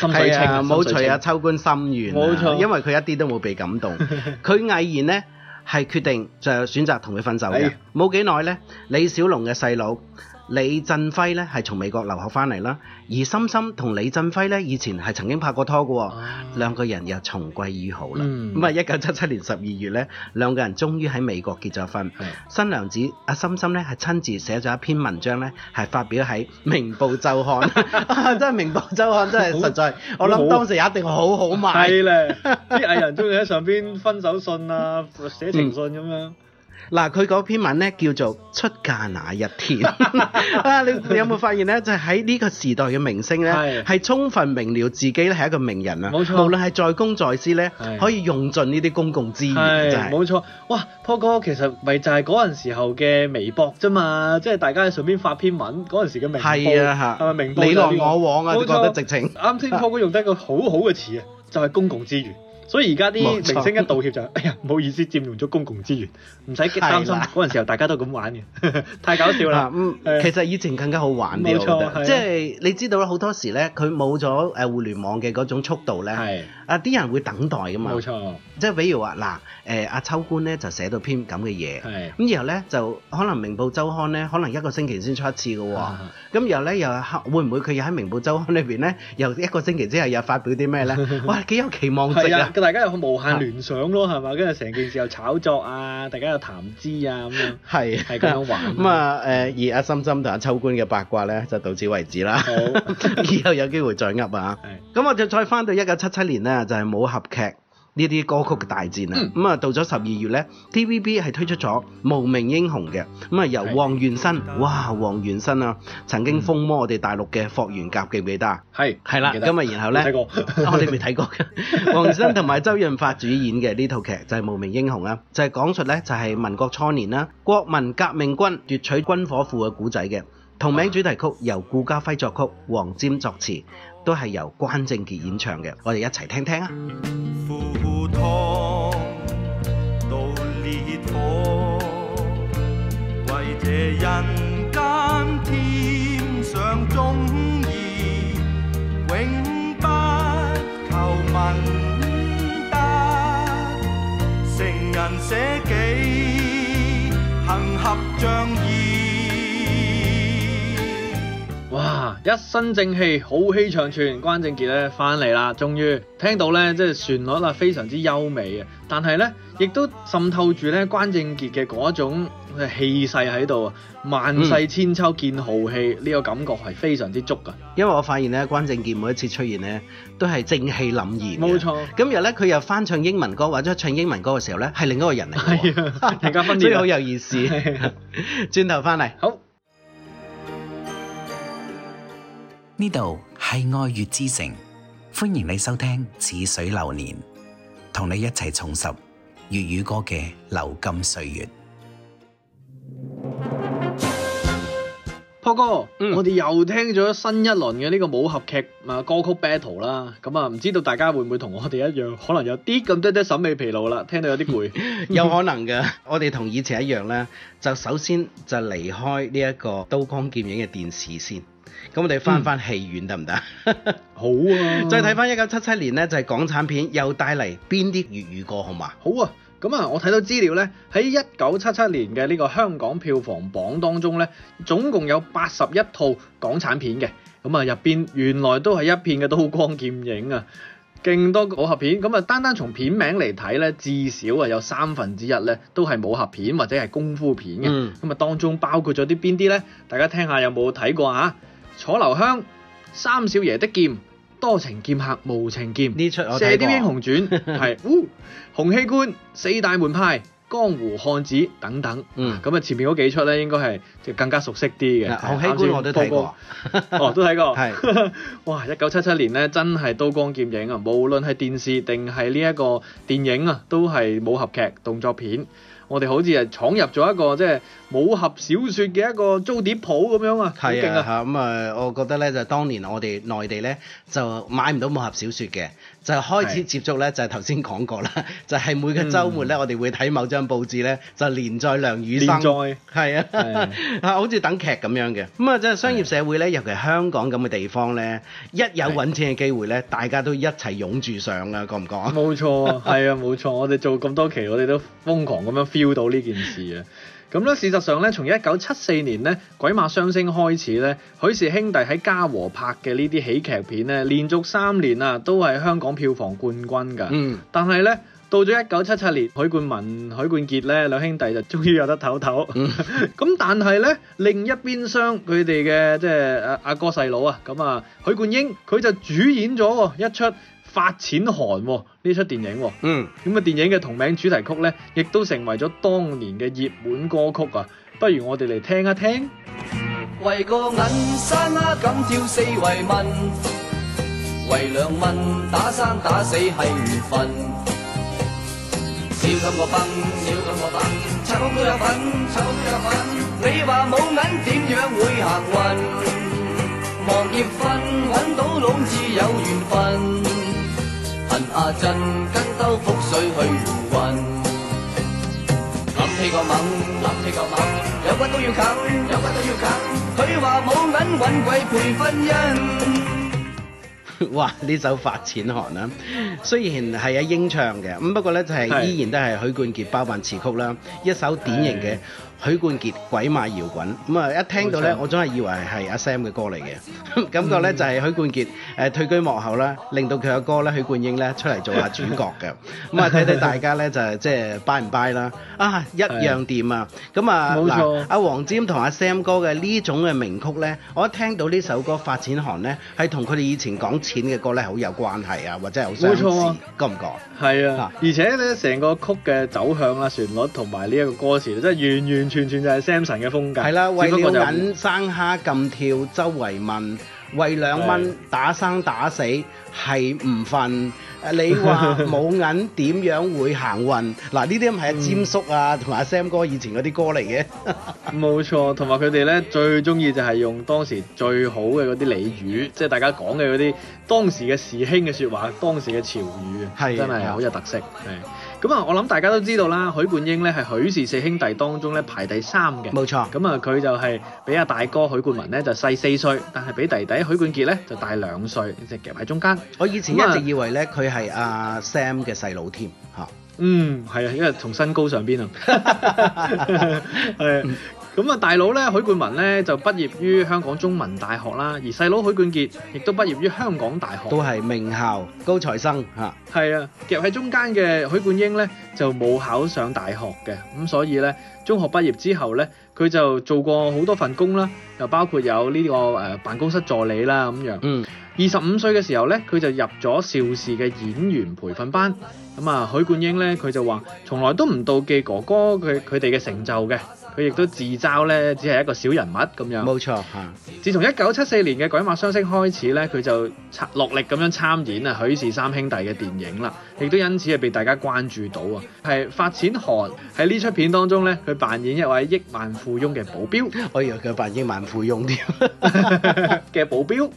係啊，冇除啊秋官心願。冇錯，因為佢一啲都冇被感動。佢毅然咧，係決定就選擇同佢分手嘅。冇幾耐咧，李小龍嘅細佬。李振輝咧係從美國留學翻嚟啦，而心心同李振輝咧以前係曾經拍過拖㗎、哦，兩個人又重歸於好啦。咁啊、嗯，一九七七年十二月咧，兩個人終於喺美國結咗婚。嗯、新娘子阿心心咧係親自寫咗一篇文章咧，係發表喺《明報周刊》， 真係《明報周刊》真係實在，好我諗當時一定好好賣咧。啲藝人都中意喺上邊分手信啊，寫情信咁樣。嗱，佢嗰篇文咧叫做《出嫁那一天》啊！ 你你有冇發現咧？就喺、是、呢個時代嘅明星咧，係是充分明瞭自己咧係一個名人啊！冇錯，無論係在公在私咧，是可以用盡呢啲公共資源。係冇是、就是、錯，哇！坡哥其實咪就係嗰陣時候嘅微博啫嘛，即係大家喺上邊發篇文嗰陣時嘅明報，係啊嚇，是是明報你來我往啊錯都覺得直情。啱先坡哥用得一個好好嘅詞啊，就係公共資源。 所以而家啲明星一道歉就係，哎呀，唔好意思佔用咗公共資源。唔使擔心嗰陣是啦 時候大家都咁玩嘅。 太搞笑啦。嗯，其實以前更加好玩冇錯我覺得，即係的你知道啦，好多時咧佢冇咗誒互聯網嘅嗰種速度咧。啊！啲人會等待噶嘛？冇錯，即係比如話嗱，誒阿秋官咧就寫到篇咁嘅嘢，咁然後咧就可能《明報周刊》咧，可能一個星期先出一次嘅喎，咁然後咧又會唔會佢又喺《明報周刊》裏邊咧，又一個星期之後又發表啲咩咧？哇！幾有期望值啊！大家又無限聯想咯，係嘛？跟住成件事又炒作啊，大家又談資啊咁樣，係係咁樣玩。咁啊誒，而阿森森同阿秋官嘅八卦咧，就到此為止啦。好，以後有機會再噏啊！咁我就再翻到一九七七年咧。就係武俠劇呢啲歌曲嘅大戰啊！咁啊、嗯，到咗十二月呢 TVB 係推出咗《無名英雄》嘅，咁啊由黃元申，的哇，黃元申啊，曾經瘋魔我哋大陸嘅霍元甲記唔記得啊？係係啦，咁啊，然後呢？我哋未睇過，黃元申同埋周潤發主演嘅呢套劇就係、是《無名英雄》啦，啊，就係、是、講述呢就係、是、民國初年啦，國民革命軍奪取軍火庫嘅故仔嘅，同名主題曲由顧家輝作曲，黃霑作詞。都係由關正傑演唱嘅，我哋一齊聽聽啊！赴湯蹈烈火，為這人間天上忠義永不求聞達，成仁捨己，行俠仗義。啊、一身正氣，浩氣長存。關正傑咧翻嚟啦，終於聽到咧，即係旋律啊，非常之優美嘅。但係咧，亦都滲透住咧關正傑嘅嗰種氣勢喺度啊，萬世千秋見豪氣呢、嗯、個感覺係非常之足噶。因為我發現咧，關正傑每一次出現咧，都係正氣凜然。冇錯。今日咧，佢又翻唱英文歌，或者唱英文歌嘅時候咧，係另一個人嚟嘅，大家分裂，所以好有意思。轉 頭翻嚟，好。呢度係愛粵之城，歡迎你收聽《似水流年》，同你一齊重拾粵語歌嘅流金歲月。波哥，嗯、我哋又聽咗新一輪嘅呢個武俠劇啊，歌曲 battle 啦，咁、嗯、啊，唔知道大家會唔會同我哋一樣，可能有啲咁多啲審美疲勞啦，聽到有啲攰， 有可能噶。我哋同以前一樣咧，就首先就離開呢一個刀光劍影嘅電視先。咁我哋翻翻戲院得唔得？好啊！再睇翻一九七七年呢，就係港產片，又帶嚟邊啲粵語歌好嘛？好啊！咁啊，我睇到資料呢，喺一九七七年嘅呢個香港票房榜當中呢，總共有八十一套港產片嘅。咁啊，入邊原來都係一片嘅刀光劍影啊，勁多個武俠片。咁啊，單單從片名嚟睇呢，至少啊有三分之一呢都係武俠片或者係功夫片嘅。咁啊、嗯，當中包括咗啲邊啲呢？大家聽下有冇睇過啊？楚留香、三少爺的劍、多情劍客無情劍、射鵰英雄傳，係，洪熙官、四大門派、江湖漢子等等，嗯，咁啊前面嗰幾出咧，應該係就更加熟悉啲嘅。洪熙官我都睇過，哦都睇過，係，哇！一九七七年咧，真係刀光劍影啊，無論係電視定係呢一個電影啊，都係武俠劇、動作片。我哋好似係闖入咗一個即係武俠小説嘅一個租碟鋪咁樣啊，好勁啊！係啊，咁、嗯、啊，我覺得咧就當年我哋內地咧就買唔到武俠小説嘅。就開始接觸咧，就係頭先講過啦，就係、係、每個週末咧，嗯、我哋會睇某張報紙咧，就連載梁羽生，係載啊，啊，啊，啊，好似等劇咁樣嘅。咁啊，即係商業社會咧，啊、尤其香港咁嘅地方咧，一有揾錢嘅機會咧，大家都一齊湧住上能能啊，覺唔覺啊？冇錯，係啊，冇錯，我哋做咁多期，我哋都瘋狂咁樣 feel 到呢件事啊！咁咧，事實上咧，從一九七四年咧《鬼馬雙星》開始咧，許氏兄弟喺嘉禾拍嘅呢啲喜劇片咧，連續三年啊都係香港票房冠軍㗎。嗯。但係咧，到咗一九七七年，許冠文、許冠傑咧兩兄弟就終於有得唞唞。咁、嗯， 但係咧，另一邊廂，佢哋嘅即係阿阿哥細佬啊，咁啊，許冠英佢就主演咗一出。發錢寒呢出電影，嗯，咁啊電影嘅同名主題曲呢，亦都成為咗當年嘅熱門歌曲啊！不如我哋嚟聽一聽。為個銀山啊，敢跳四圍問，為兩問打生打死係緣分，心咁笨，小心咁笨，蹦，醜都有份，醜都有份，你話冇銀點樣會行運？望葉份揾到老自有緣分。問阿震，跟兜覆水去還，冚起個猛，冚起個猛，猛有 g 都要冚，有 g 都要冚。佢話冇銀揾鬼陪婚姻。哇！ 呢首發淺寒啊，雖然係阿英唱嘅，咁不過咧就係、是、依然都係許冠傑包辦詞曲啦，一首典型嘅。許冠傑鬼馬搖滾咁啊！一聽到咧，我總係以為係阿 Sam 嘅歌嚟嘅，感覺咧就係許冠傑誒退居幕後啦，令到佢嘅歌咧，許冠英咧出嚟做下主角嘅。咁啊，睇睇大家咧就係即係 buy 唔 buy 啦。啊，一樣掂啊！咁啊，冇錯，阿黃霑同阿 Sam 哥嘅呢種嘅名曲咧，我一聽到呢首歌《發錢寒》咧，係同佢哋以前講錢嘅歌咧好有關係啊，或者係好相似，覺唔覺？係啊，而且咧成個曲嘅走向啦、旋律同埋呢一個歌詞，真係遠遠。串串就係 Samson 嘅風格。係啦，為了銀生蝦咁跳，周圍問，為兩蚊打生打死係唔瞓。誒、嗯，你話冇銀點樣會行運？嗱，呢啲唔係阿詹叔啊，同埋、啊、Sam 哥以前嗰啲歌嚟嘅。冇 錯，同埋佢哋咧最中意就係用當時最好嘅嗰啲俚語，即、就、係、是、大家講嘅嗰啲當時嘅時興嘅説話，當時嘅潮語，的真係好有特色。係的。咁啊，我諗大家都知道啦，許冠英咧係許氏四兄弟當中咧排第三嘅。冇錯。咁啊，佢就係比阿大哥許冠文咧就細四歲，但係比弟弟許冠傑咧就大兩歲，即夾喺中間。我以前一直以為咧佢係阿 Sam 嘅細佬添嚇。啊、嗯，係啊，因為從身高上邊啊。係。 咁啊、嗯，大佬咧，許冠文咧就畢業於香港中文大學啦，而細佬許冠傑亦都畢業於香港大學，都係名校高材生吓。係啊，夾喺、啊、中間嘅許冠英咧就冇考上大學嘅，咁所以咧中學畢業之後咧，佢就做過好多份工啦，又包括有呢、呢個誒、呃、辦公室助理啦咁樣。嗯，二十五歲嘅時候咧，佢就入咗邵氏嘅演員培訓班。咁啊，許冠英咧，佢就話從來都唔妒忌哥哥佢佢哋嘅成就嘅。佢亦都自嘲咧，只係一個小人物咁樣。冇錯嚇。自從一九七四年嘅《鬼馬雙星》開始咧，佢就落力咁樣參演啊許氏三兄弟嘅電影啦，亦都因此係被大家關注到啊！係發錢寒喺呢出片當中咧，佢扮演一位億萬富翁嘅保鏢。我以為佢扮演億萬富翁添嘅 保鏢。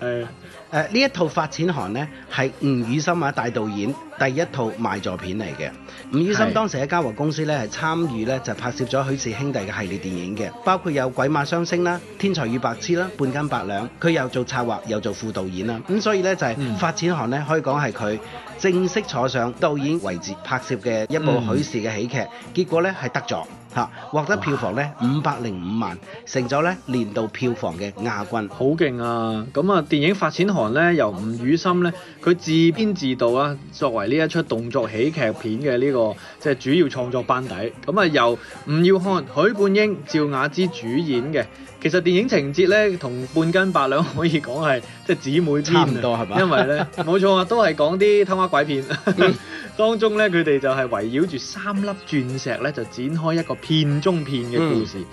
係。 誒呢、呃、一套發錢寒呢，係吳宇森啊大導演第一套賣座片嚟嘅。吳宇森當時喺嘉禾公司呢，係參與呢就拍攝咗許氏兄弟嘅系列電影嘅，包括有鬼馬雙星啦、天才與白痴啦、半斤八兩。佢又做策劃又做副導演啦，咁、嗯、所以呢，就係、是、發錢寒呢，可以講係佢正式坐上導演位置拍攝嘅一部許氏嘅喜劇，結果呢，係得咗。嚇，獲得票房咧五百零五萬，成咗咧年度票房嘅亞軍，好勁啊！咁啊，電影《發錢寒》咧由吳宇森咧佢自編自導啊，作為呢一出動作喜劇片嘅呢、這個即係、就是、主要創作班底，咁啊由吳耀漢、許冠英、趙雅芝主演嘅。其實電影情節咧，同半斤八兩可以講係即姊妹篇啊，差唔多因為咧冇 錯啊，都係講啲偷窺鬼片。 當中咧，佢哋就係圍繞住三粒鑽石咧，就展開一個片中片嘅故事。嗯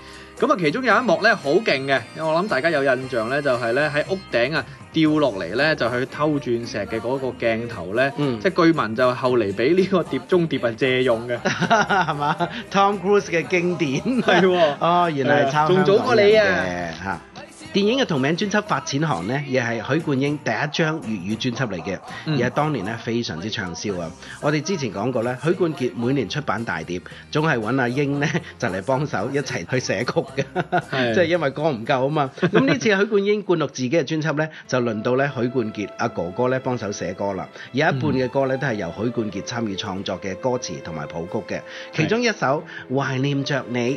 咁啊，其中有一幕咧好勁嘅，我諗大家有印象咧，就係咧喺屋頂啊掉落嚟咧就去偷鑽石嘅嗰個鏡頭咧，即係、嗯、據聞就後嚟俾呢個碟中諜啊借用嘅，係嘛 ？Tom Cruise 嘅經典係喎、 哦，原來係抄，仲早過你啊！電影嘅同名專輯《發錢寒》呢，亦係許冠英第一張粵語專輯嚟嘅，嗯、而喺當年呢，非常之暢銷啊！我哋之前講過咧，許冠傑每年出版大碟，總係揾阿英呢，就嚟幫手一齊去寫曲嘅，即 係因為歌唔夠啊嘛。咁呢次許冠英灌錄自己嘅專輯呢，就輪到咧許冠傑阿哥哥咧幫手寫歌啦。有一半嘅歌咧都係由許冠傑參與創作嘅歌詞同埋譜曲嘅，其中一首《的懷念着你》。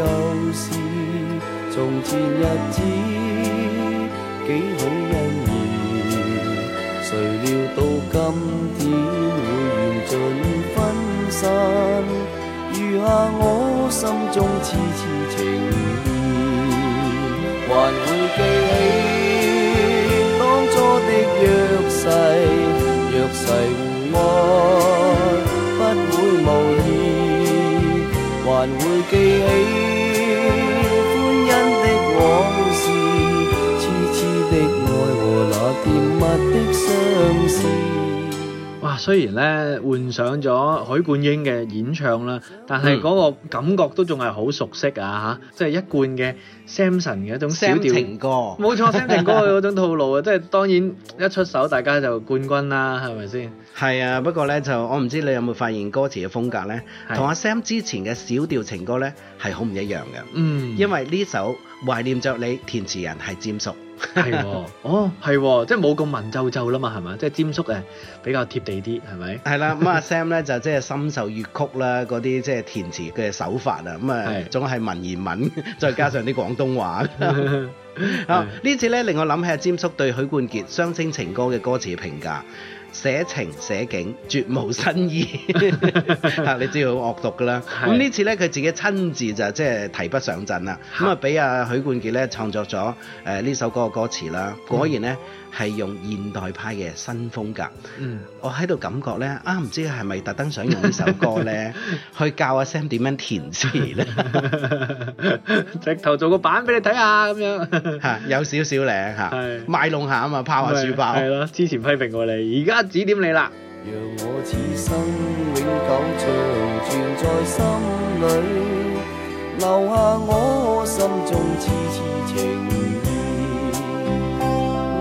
舊事，從前日子，幾許恩義，誰料到今天會緣盡分散，餘下我心中痴痴情意，還會記起當初的約誓，約誓互愛。還會記起歡欣的往事，癡癡的愛和那甜蜜的相思。Segue, 雖然咧換上咗許冠英嘅演唱啦，但係嗰個感覺都仲係好熟悉啊嚇！即係一貫嘅 Samson 嘅一種小調情歌，冇錯，Sam 情歌嘅嗰種套路啊！即係當然一出手，大家就冠軍啦，係咪先？係啊，不過咧就我唔知你有冇發現歌詞嘅風格咧，同阿 Sam 之前嘅小調情歌咧係好唔一樣嘅。嗯，因為呢首《懷念著你》填詞人係沾叔。係喎， 哦，係即係冇咁文縐縐啦嘛，係咪？即係詹叔誒比較貼地啲，係咪？係啦， 咁阿 Sam 咧就即、是、係深受粵曲啦嗰啲即係填詞嘅手法啊，咁啊總係文言文， 再加上啲廣東話。啊，呢次咧令我諗起阿詹叔對許冠傑《雙星情歌》嘅歌詞評價。寫情寫景，絕無新意，嚇！ 你知好惡毒噶啦。咁呢的次呢，佢自己親自就即係提筆上陣啦。咁啊的，俾阿許冠傑呢創作咗誒呢首歌嘅歌詞啦。果然呢。嗯係用現代派嘅新風格，嗯、我喺度感覺咧，啊唔知係咪特登想用呢首歌咧， 去教阿 Sam 點樣填詞咧， 直頭做個版俾你睇下咁樣，嚇 有少少靚嚇，是賣弄下啊嘛，拋下書包，係咯，之前批評過你，而家指點你啦。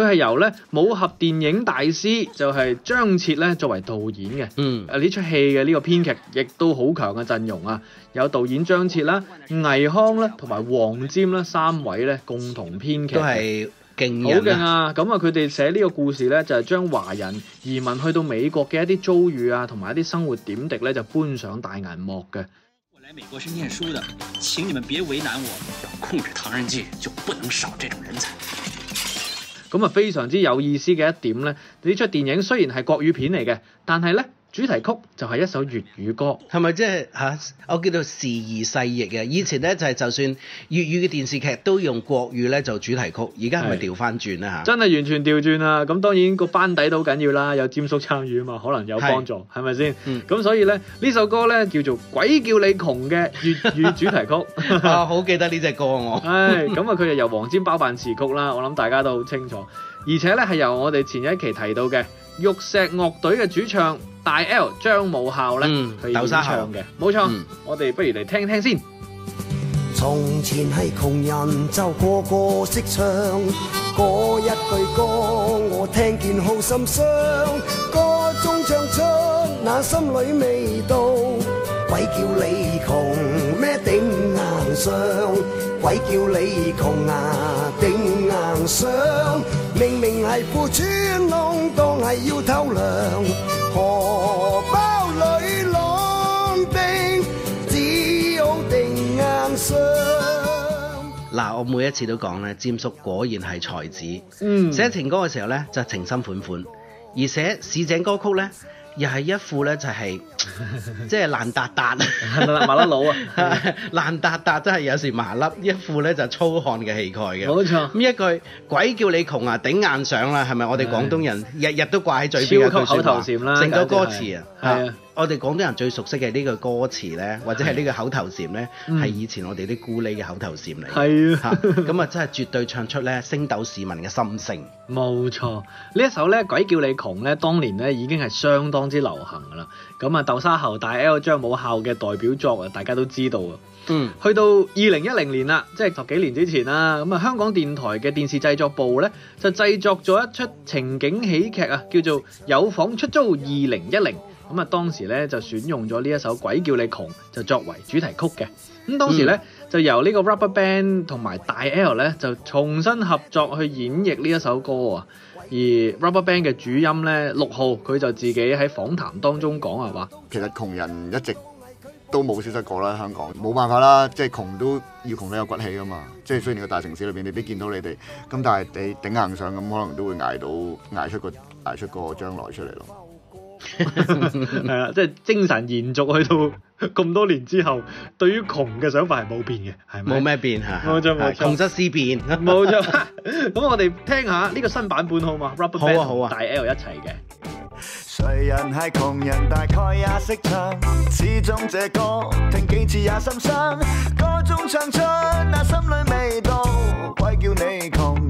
佢係由咧武俠電影大師就係張徹咧作為導演嘅，嗯，誒呢出戲嘅呢個編劇亦都好強嘅陣容啊，有導演張徹啦、倪匡啦同埋黃霑啦三位咧共同編劇，都係勁人，好勁啊！咁啊，佢哋寫呢個故事咧，就係將華人移民去到美國嘅一啲遭遇啊，同埋一啲生活點滴咧，就搬上大銀幕嘅。我嚟美國是念書的，請你們別為難我。要控制唐人街，就不能少這種人才。咁啊，非常之有意思嘅一點咧，呢出電影雖然係國語片嚟嘅，但係咧，主題曲就係一首粵語歌，係咪即係嚇？我叫做時移世易嘅。以前咧就係就算粵語嘅電視劇都用國語咧做主題曲，而家係咪調翻轉咧？真係完全調轉啦。咁、啊嗯、當然個班底都緊要啦，有霑叔參與啊嘛，可能有幫助，係咪先？咁、嗯、所以咧呢首歌咧叫做《鬼叫你窮》嘅粵語主題曲 啊，好記得呢隻歌、啊、我。唉，咁啊，佢就由黃霑包辦詞曲啦。我諗大家都好清楚，而且咧係由我哋前一期提到嘅玉石樂隊嘅主唱。大 AL 張武孝咧，豆沙唱嘅，冇錯，我哋不如嚟聽聽先。從前係窮人就個個識唱，嗰一句歌我聽見好心傷，歌中唱出那心裏味道，鬼叫你窮咩頂硬上，鬼叫你窮啊頂硬上。明明係褲穿窿，當係要偷涼，荷包裏冷冰，只好頂硬上。嗱，我每一次都講咧，沾叔果然係才子。嗯，寫情歌嘅時候咧，就情深款款，而寫市井歌曲咧。又係一副咧，就係即係爛達達，係麻甩佬啊？爛達達真係有時麻甩，一副咧，就粗漢嘅氣概嘅。冇錯，咁一句鬼叫你窮啊，頂硬上啦，啊，係咪？我哋廣東人日日日都掛喺嘴邊嘅一句説話，成咗歌詞啊。我哋廣東人最熟悉嘅呢個歌詞呢，或者係呢個口頭禪呢，係的以前我哋啲咕喱嘅口頭禪嚟。係是的 啊，咁啊，真係絕對唱出咧升斗市民嘅心聲。冇錯，呢一首咧，鬼叫你窮咧，當年咧已經係相當之流行㗎喇。咁啊，豆沙喉大 AL 張武孝嘅代表作啊，大家都知道啊。嗯，去到二零一零年啦，即係十幾年之前啦。咁啊，香港電台嘅電視製作部呢，就製作咗一出情景喜劇啊，叫做《有房出租二零一零》。咁啊，當時咧就選用咗呢一首《鬼叫你窮》就作為主題曲嘅。咁當時咧、嗯、就由呢個 RubberBand 同埋大 AL 咧就重新合作去演繹呢一首歌啊。而 RubberBand 嘅主音咧六號佢就自己喺訪談當中講啊話，其實窮人一直都冇消失過啦，香港冇辦法啦，即係窮都要窮得有骨氣啊嘛。即係雖然你個大城市裏邊你俾見到你哋，咁但係你頂硬上咁，可能都會捱到捱出個捱出個將來出嚟咯。係啦，即係 精神延續去到咁多年之後，對於窮嘅想法係冇變嘅，係咪？冇咩變吓，冇錯，冇錯，窮則思變，冇錯錯。咁 我哋聽下呢個新版本好嘛？RubberBand 好啊好啊，好啊大 L 一齊嘅。誰人係窮人，啊，大概也識唱。唱始終這歌，聽幾次也心傷那、啊、歌中唱出，里鬼叫你窮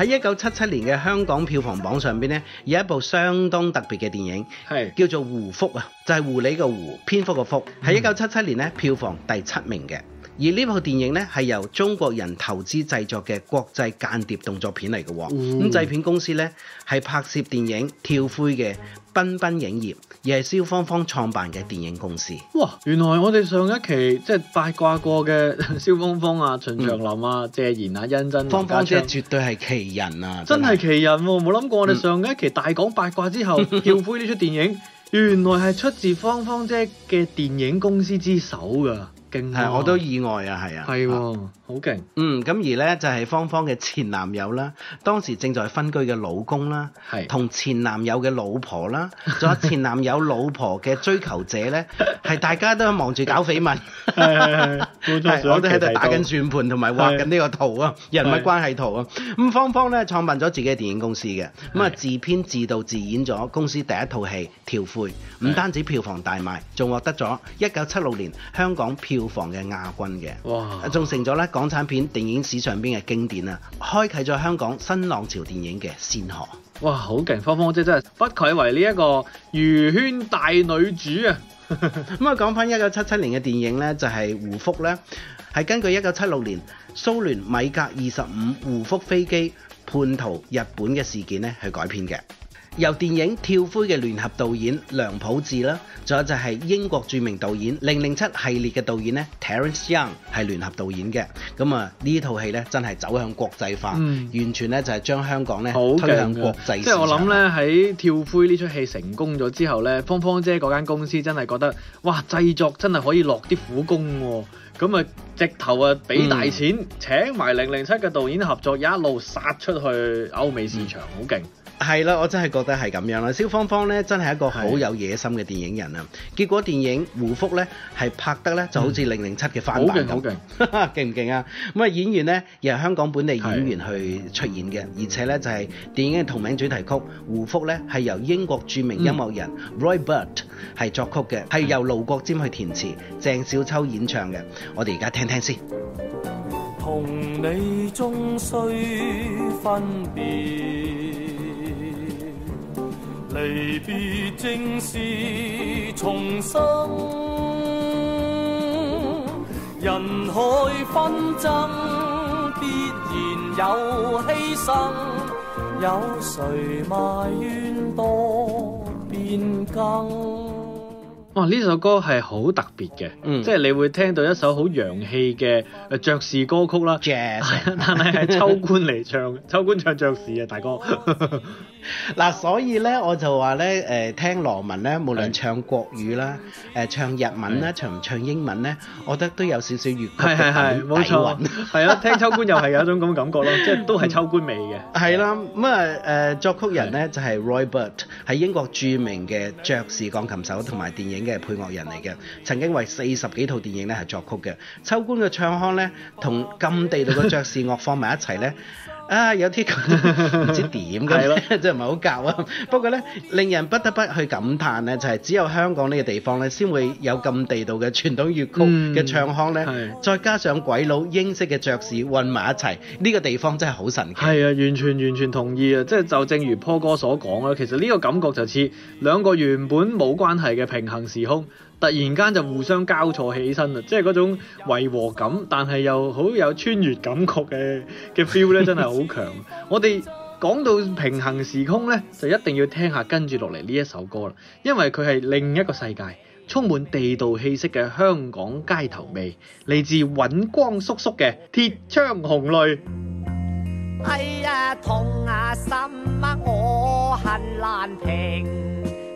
喺一九七七年嘅香港票房榜上邊咧，有一部相當特別嘅電影，係是叫做《狐蝠》啊，就係、是、狐狸嘅狐，蝙蝠嘅蝠，喺一九七七年咧票房第七名嘅。而呢部電影呢，係由中國人投資製作嘅國際間諜動作片嚟嘅、哦，咁、嗯、製片公司呢，係拍攝電影《跳灰》嘅彬彬影業，而係蕭芳芳創辦嘅電影公司。哇！原來我哋上一期即係八卦過嘅蕭芳芳啊、秦祥林啊、嗯、謝賢啊、殷真華，芳芳姐絕對係奇人啊！真係奇人喎、啊！冇諗是過我哋上一期大講八卦之後，嗯《跳灰》呢出電影原來係出自芳芳姐嘅電影公司之手㗎。 係、啊啊，我都意外啊，係啊。啊。好勁！Okay. 嗯，咁而呢，就係芳芳嘅前男友啦，當時正在分居嘅老公啦，同前男友嘅老婆啦，仲有前男友老婆嘅追求者呢，係 大家都忙住搞緋聞， 我都喺度打緊轉盤同埋 畫緊呢個圖啊， 人物關係圖啊。咁芳芳呢，創辦咗自己嘅電影公司嘅，咁啊 自編自導自演咗公司第一套戲《跳灰》，唔單止票房大賣，仲獲得咗一九七六年香港票房嘅亞軍嘅，哇！仲成咗呢，港產片電影史上邊嘅經典啊，開啟咗香港新浪潮電影嘅先河。哇，好勁！芳芳姐真係不愧為呢一個娛圈大女主啊！咁啊，講翻一九七七年嘅電影呢，就係、是《狐蝠》呢，係根據一九七六年蘇聯米格二十五狐蝠飛機叛逃日本嘅事件呢去改編嘅。由電影《跳灰》嘅聯合導演梁普智啦，仲有就係英國著名導演《零零七》系列嘅導演呢，Terence Young 係聯合導演嘅。咁啊，呢套戲咧真係走向國際化，完全咧就係將香港咧推向國際市場。即係我諗咧，喺《跳灰》呢出戲成功咗之後咧，芳芳姐嗰間公司真係覺得哇，製作真係可以落啲苦功喎。咁啊，直頭啊，俾大錢請埋《零零七》嘅導演合作，也一路殺出去歐美市場，好勁！係啦，我真係覺得係咁樣啦。蕭芳芳呢，真係一個好有野心嘅電影人啊。的結果電影《狐蝠》呢，係拍得呢就好似《零零七》嘅翻版咁。好勁、嗯，勁，唔勁 啊？咁啊，演員咧由香港本地演員去出演嘅，的而且呢，就係、是、電影嘅同名主題曲《狐蝠呢》呢係由英國著名音樂人、嗯、Roy Budd 係作曲嘅，係、嗯、由盧國沾去填詞，鄭少秋演唱嘅。我哋而家聽聽先。同你終須分別。離別正是重生，人海紛爭必然有犧牲，有誰埋怨多變更？哇！呢首歌係好特別嘅，即係你會聽到一首好洋氣嘅爵士歌曲啦。Jazz 係啊，係秋官嚟唱嘅，秋官唱爵士啊，大哥。嗱，所以咧我就話咧，誒聽羅文咧，無論唱國語啦、誒唱日文啦、唱唔唱英文咧，我覺得都有少少粵語嘅底韻。係係係，冇錯，係啊，聽秋官又係有一種咁感覺咯，即係都係秋官味嘅。係啦，咁啊誒作曲人咧就係 Roy Budd，係英國著名嘅爵士鋼琴手同埋電影嘅配樂人嚟嘅，曾經為四十幾套電影咧係作曲嘅。秋官嘅唱腔咧，同禁地道嘅爵士樂放埋一齊咧。 啊！有啲唔知點嘅，即係唔係好夾啊？不過咧，令人不得不去感嘆咧，就係、是、只有香港呢個地方咧，先會有咁地道嘅傳統粵曲嘅唱腔咧，嗯、再加上鬼佬英式嘅爵士混埋一齊，呢、這個地方真係好神奇。係啊，完全完全同意啊！即係就正如 Paul 哥所講啦，其實呢個感覺就似兩個原本冇關係嘅平衡時空。突然間就互相交錯起身啦，即係嗰種違和感，但係又好有穿越感覺嘅嘅 feel 咧，真係好強。 我哋講到平行時空咧，就一定要聽下跟住落嚟呢一首歌啦，因為佢係另一個世界，充滿地道氣息嘅香港街頭味，嚟自尹光叔叔嘅《鐵窗紅淚》。哎呀，痛阿心啊，我恨難平。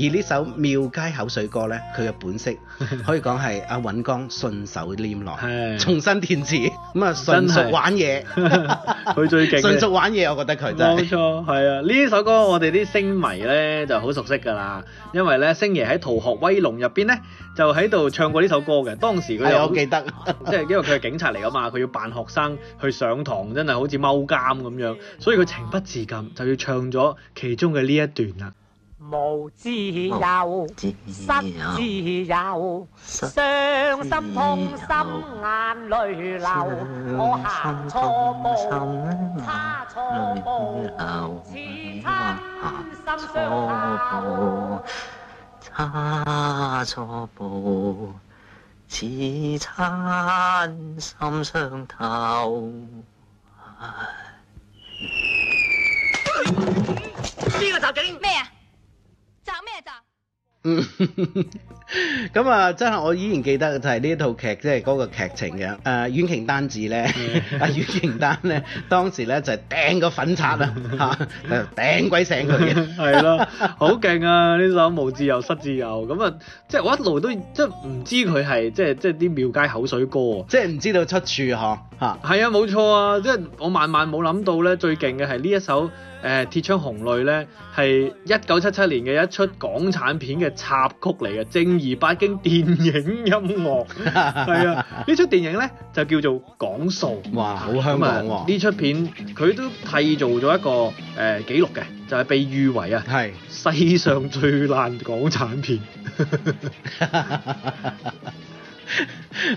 而呢首廟街口水歌呢，佢嘅本色可以講係阿尹光順手拈來，的重新填詞咁啊，純屬玩嘢，佢的 最勁。純屬玩嘢，我覺得佢真係冇錯，係啊！呢首歌我哋啲星迷呢就好熟悉㗎啦，因為呢星爺喺逃學威龍入邊呢，就喺度唱過呢首歌嘅，當時佢就我記得，即 係因為佢係警察嚟㗎嘛，佢要扮學生去上堂，真係好似踎監咁樣，所以佢情不自禁就要唱咗其中嘅呢一段啦。無自由，失自由，傷心痛心眼淚流，我行錯步，行錯步，似親心傷透，差錯步，似親心傷透。邊個襲警？咩啊？咩就咁啊？真係我依然記得嘅就係呢一套劇，即係嗰個劇情嘅誒，阮、呃、瓊丹字咧，阿阮瓊丹咧，當時咧就掟、是、個粉刷啊吓，掟鬼死佢嘅，係咯，好勁啊！呢、 啊、首無自由失自由咁啊，即係我一路都真即係唔知佢係即係即係啲廟街口水歌，即係唔知道出處吓吓。係啊，冇錯啊，即、就、係、是、我萬萬冇諗到咧，最勁嘅係呢一首。誒、呃、鐵窗紅淚咧係一九七七年嘅一出港產片嘅插曲嚟嘅，正兒八經電影音樂。係 啊，呢出電影咧就叫做講數。哇，好香港呢、啊啊、出片佢都締造咗一個誒記、呃、錄嘅，就係、是、被譽為啊，係是世上最爛港產片。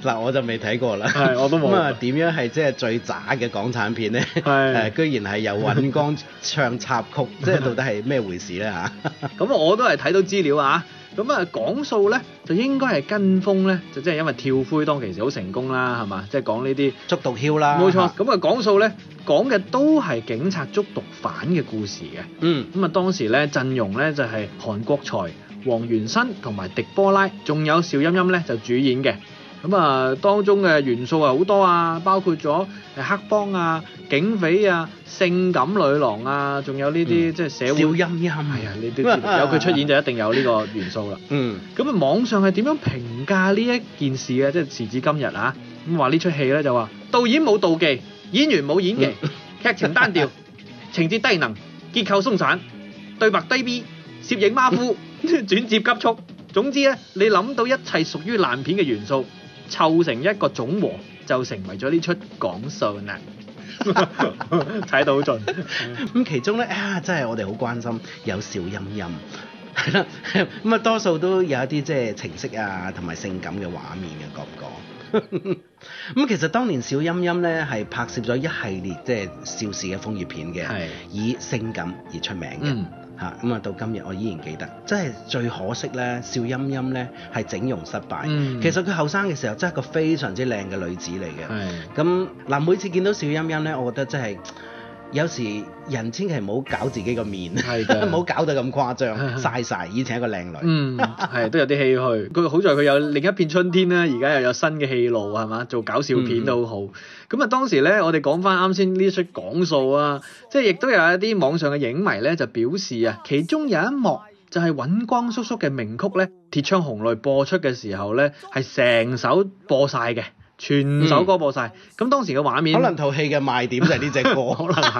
嗱， 我就未睇過啦。我都冇。咁啊，點樣係即係最渣嘅港產片咧？係是， 居然係由尹光唱插曲，即係、 就是、到底係咩回事咧？嚇，咁我都係睇到資料啊。咁啊，講數咧就應該係跟風咧，就即、是、係因為跳灰當其時好成功啦，係嘛？即、就、係、是、講呢啲捉毒梟啦。冇錯。咁啊，講數咧講嘅都係警察捉毒犯嘅故事嘅。嗯。咁啊，當時咧陣容咧就係、是、韓國才。黃元申同埋狄波拉，仲有邵音音咧就主演嘅。咁啊，當中嘅元素啊好多啊，包括咗黑幫啊、警匪啊、性感女郎啊，仲有呢啲即係社會。邵音音係啊，呢啲有佢出演就一定有呢個元素啦。嗯。咁啊，網上係點樣評價呢一件事嘅？即係時至今日啊，咁話呢出戲咧就話導演冇導技，演員冇演技，劇情單調，情節低能，結構鬆散，對白低 B，攝影馬虎，轉接急速，總之咧，你諗到一切屬於爛片嘅元素，湊成一個總和，就成為咗呢出講數啦。睇 到好盡，咁 其中咧啊、哎，真係我哋好關心有邵音音，係啦，咁啊多數都有一啲即係情色啊，同埋性感嘅畫面嘅，覺唔覺？咁 其實當年邵音音咧係拍攝咗一系列即係邵氏嘅風月片嘅，係的以性感而出名嘅。嗯嚇！咁啊，到今日我依然記得，真係最可惜咧，邵音音咧係整容失敗，嗯、其實佢後生嘅時候真係個非常之靚嘅女子嚟嘅。咁嗱是的，每次見到邵音音咧，我覺得真係。有時人千祈唔好搞自己個面，唔好的 搞到咁誇張，晒晒的，以前一個靚女，係、嗯、 都有啲唏噓。佢好在佢有另一片春天啦，而家又有新嘅戲路，係嘛？做搞笑片都好。咁啊、嗯，當時咧，我哋講翻啱先呢出講數啊，即係亦都有一啲網上嘅影迷咧，就表示啊，其中有一幕就係尹光叔叔嘅名曲咧《鐵窗紅淚》播出嘅時候咧，係成首播晒嘅。全首歌播晒，咁、嗯、當時嘅畫面可能套戲嘅賣點就係呢隻歌， 可能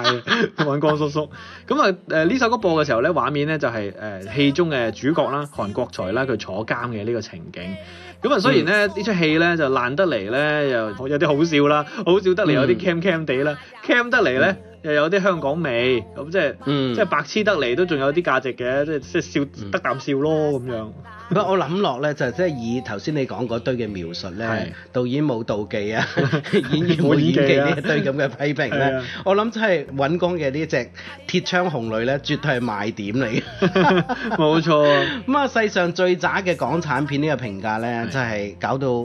係尹光叔叔。咁啊， 誒、呃、呢首歌播嘅時候咧，畫面咧就係、是、誒、呃、戲中嘅主角啦，韓國才啦，佢坐監嘅呢個情景。咁啊，雖然咧呢出戲咧就爛得嚟咧，又有啲好笑啦，好笑得嚟有啲 cam cam 地啦，cam 得嚟咧又有啲香港味，咁即係即係白痴得嚟都仲有啲價值嘅，即係即係笑得啖笑咯咁樣。不過我諗落咧就即係以頭先你講嗰堆嘅描述咧，導演冇導技啊，演員冇演技呢一堆咁嘅批評咧，我諗真係揾工嘅呢隻鐵槍紅女咧，絕對係賣點嚟。冇錯。咁啊，世上最渣嘅港產片呢個評價咧～真係搞到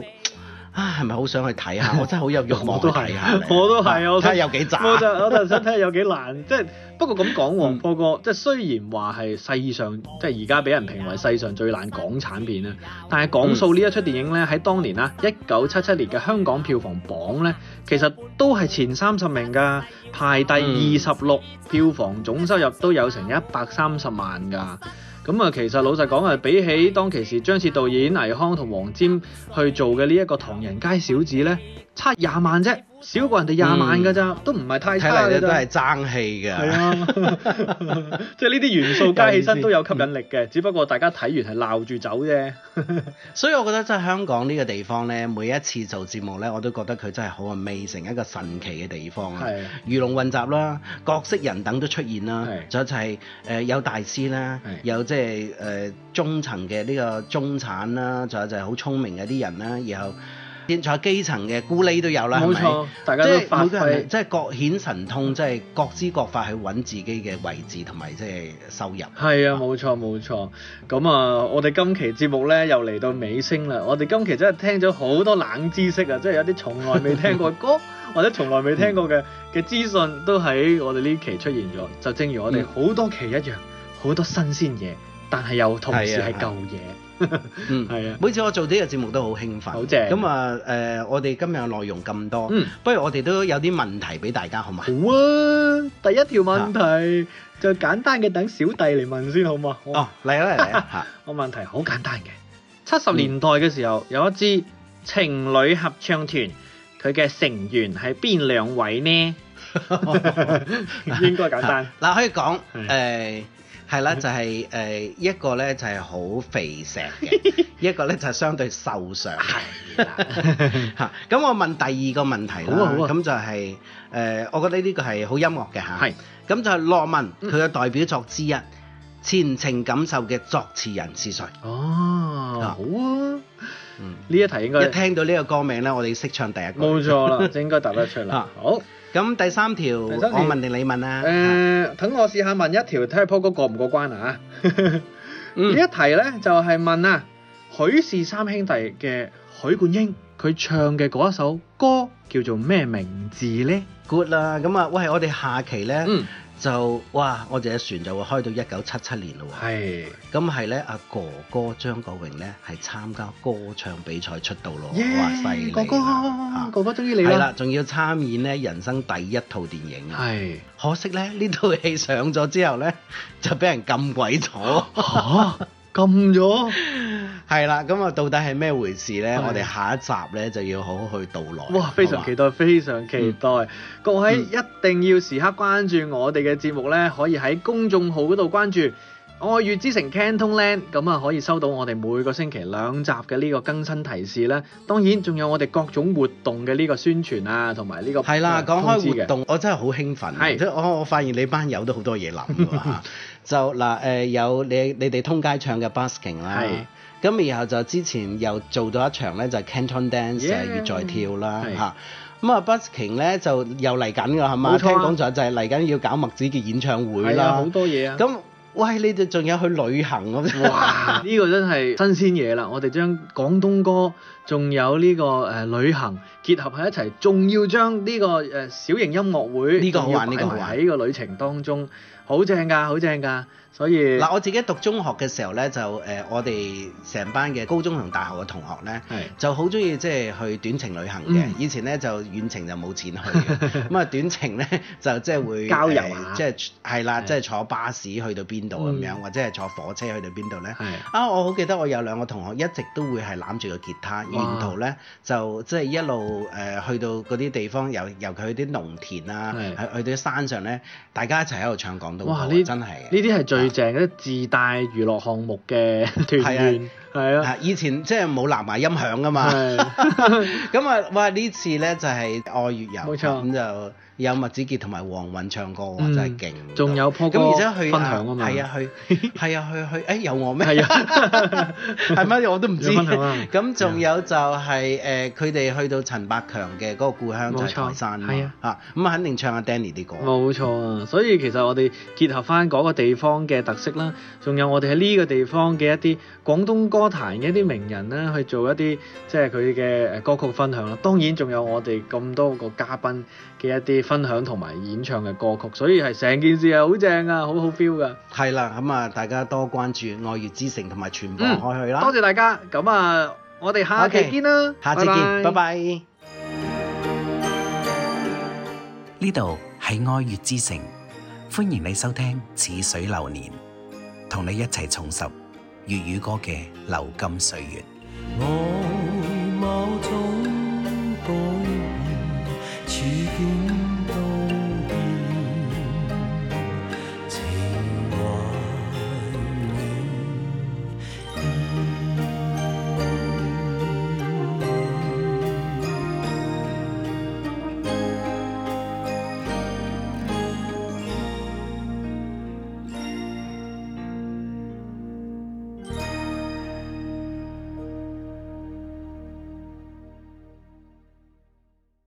啊！係咪好想去睇下？我真係好有慾望睇下。 我都係是，來我都係。 我真係有幾爛、 就是。我就是、我就想睇下有幾爛。即係 不過咁講喎，Paul 哥，即係雖然話係世上即係而家俾人評為世上最爛港產片啦，但係講數呢一出電影咧喺當年啦，一九七七年嘅香港票房榜咧，其實都係前三十名㗎，排第二十六，票房總收入都有成一百三十萬㗎。咁啊，其實老實講啊，比起當其時張徹導演、倪匡同黃霑去做嘅呢一個《唐人街小子》呢咧。差廿萬啫，少過人哋廿萬噶咋，嗯、都唔係太差，睇嚟都係爭氣嘅。係啊，即係呢啲元素加起身都有吸引力嘅，不只不過大家睇完係鬧住走啫。 所以我覺得真係香港呢個地方呢，每一次做節目呢，我都覺得佢真係好啊 make 成一個神奇嘅地方啊。係的魚龍混雜啦，各色人等都出現啦。仲的有就係、是、誒有大師啦，的有即係誒中層嘅呢個中產啦，仲有就係好聰明嘅啲人啦，然後。仲有基層嘅咕喱都有啦，係咪錯？冇錯，即係每個人即係各顯神通，即係各知各法去揾自己嘅位置同埋即係收入。嗯。係啊，冇錯冇錯。咁啊，我哋今期節目咧又嚟到尾聲啦。我哋今期真係聽咗好多冷知識啊，即係有啲從來未聽過歌， 或者從來未聽過嘅嘅資訊都喺我哋呢期出現咗。就正如我哋好多期一樣，嗯。好多新鮮嘢，但係又同時係舊嘢。嗯，係啊，每次我做呢個節目都好興奮，好正。咁啊，誒，我哋今日嘅內容咁多，不如我哋都有啲問題俾大家，好嘛？好啊，第一條問題就簡單嘅，等小弟嚟問先，好嘛？哦，嚟啦嚟啦，我問題好簡單嘅，七十年代嘅時候有一支情侶合唱團，佢嘅成員係邊兩位呢？應該簡單，嗱，可以講誒。係啦，就係、是、誒一個咧就係好肥碩嘅。 一個咧就係相對瘦削，係啦，嚇！咁我問第二個問題啦，咁、啊啊、就係、是、誒、呃，我覺得呢個係好音樂嘅嚇。係是。咁就係羅文佢嘅代表作之一《前程錦繡》嘅作詞人是誰？哦，好啊。嗯，呢一題應該一聽到呢個歌名咧，我哋識唱第一個。冇錯啦，就應該答得出來。 好。咁第三條我問定你問啊？誒、呃，等是我試下問一條睇下 Paul 哥過唔過關啊！呢、 嗯、一題咧就係、是、問啊，許氏三兄弟嘅許冠英佢唱嘅嗰一首歌叫做咩名字咧？Good 啦，咁啊喂，我哋下期咧。嗯就哇！我隻船就會開到一九七七年咯喎，咁係呢，阿哥哥張國榮呢，係參加歌唱比賽出道咯，yeah, 哇！犀利！哥哥，啊、哥哥中意你啊！係啦，仲要參演咧人生第一套電影，是可惜咧呢套戲上咗之後呢，就俾人禁鬼咗。 啊禁咗，係 啦，咁啊，到底係咩回事呢？的我哋下一集呢，就要好好去道來。哇，非常期待，吧非常期待、嗯、各位一定要時刻關注我哋嘅節目呢，嗯、可以喺公眾號嗰度關注愛粵之城 CantonLand，咁啊可以收到我哋每個星期兩集嘅呢個更新提示咧。當然仲有我哋各種活動嘅呢個宣傳啊，同埋呢個係啦，講開活動，我真係好興奮，即係我發現你班友都好多嘢諗就嗱誒、呃、有你你哋通街唱嘅 Busking 啦，咁然後就之前又做咗一場咧就 Canton Dance 粵 Yeah 在跳啦嚇，咁啊的、嗯、Busking 咧就又嚟緊㗎係嘛？冇錯，啊、聽講就係嚟緊要搞麥子嘅演唱會啦，好多嘢啊！咁、嗯、喂，你哋仲有去旅行咁？哇！呢個真係新鮮嘢啦！我哋將廣東歌仲有呢個誒旅行結合喺一齊，仲要將呢個誒小型音樂會要排喺個旅程當中。好正㗎，好正㗎。所以嗱，我自己讀中學嘅時候咧，就誒我哋成班嘅高中同大學嘅同學咧，就好中意即係去短程旅行嘅。以前咧就遠程就冇錢去，咁啊短程咧就即係會郊遊即係係啦，即係坐巴士去到邊度咁樣或者係坐火車去到邊度咧？啊，我好記得我有兩個同學一直都會係攬住個吉他，沿途咧就即係一路誒去到啲地方，由由佢啲農田啊，去去啲山上咧，大家一齊喺度唱廣東話，真係呢啲係最～最正嗰啲自帶娛樂項目嘅團，係啊的，係啊的，以前即係冇藍牙音響噶嘛，咁啊的， 哇呢次咧就係愛粵遊，冇錯錯，咁就。有麥子傑同埋黃韻唱歌喎，真係勁！仲、嗯、有破歌分享啊嘛！係啊，去係啊，去去誒、哎，有我咩？係是啊，係乜嘢我都唔知。咁仲有，有就係、是、誒，佢哋、啊呃、去到陳百強嘅嗰個故鄉就係台山，係啊，嚇咁啊，肯定唱阿 Danny 啲歌。冇錯啊！所以其實我哋結合返嗰個地方嘅特色啦，仲有我哋喺呢個地方嘅一啲廣東歌壇嘅一啲名人咧，去做一啲即係佢嘅誒歌曲分享啦。當然仲有我哋咁多個嘉賓。嘅一啲分享同埋演唱嘅歌曲，所以係成件事係好正啊，好好 feel 噶。係啦，咁啊，大家多關注愛粵之城同埋傳播開去啦。多謝大家，咁啊，我哋下期見啦，okay, 下次見，拜拜。呢度係愛粵之城，歡迎你收聽《似水流年》，同你一齊重拾粵語歌嘅流金歲月。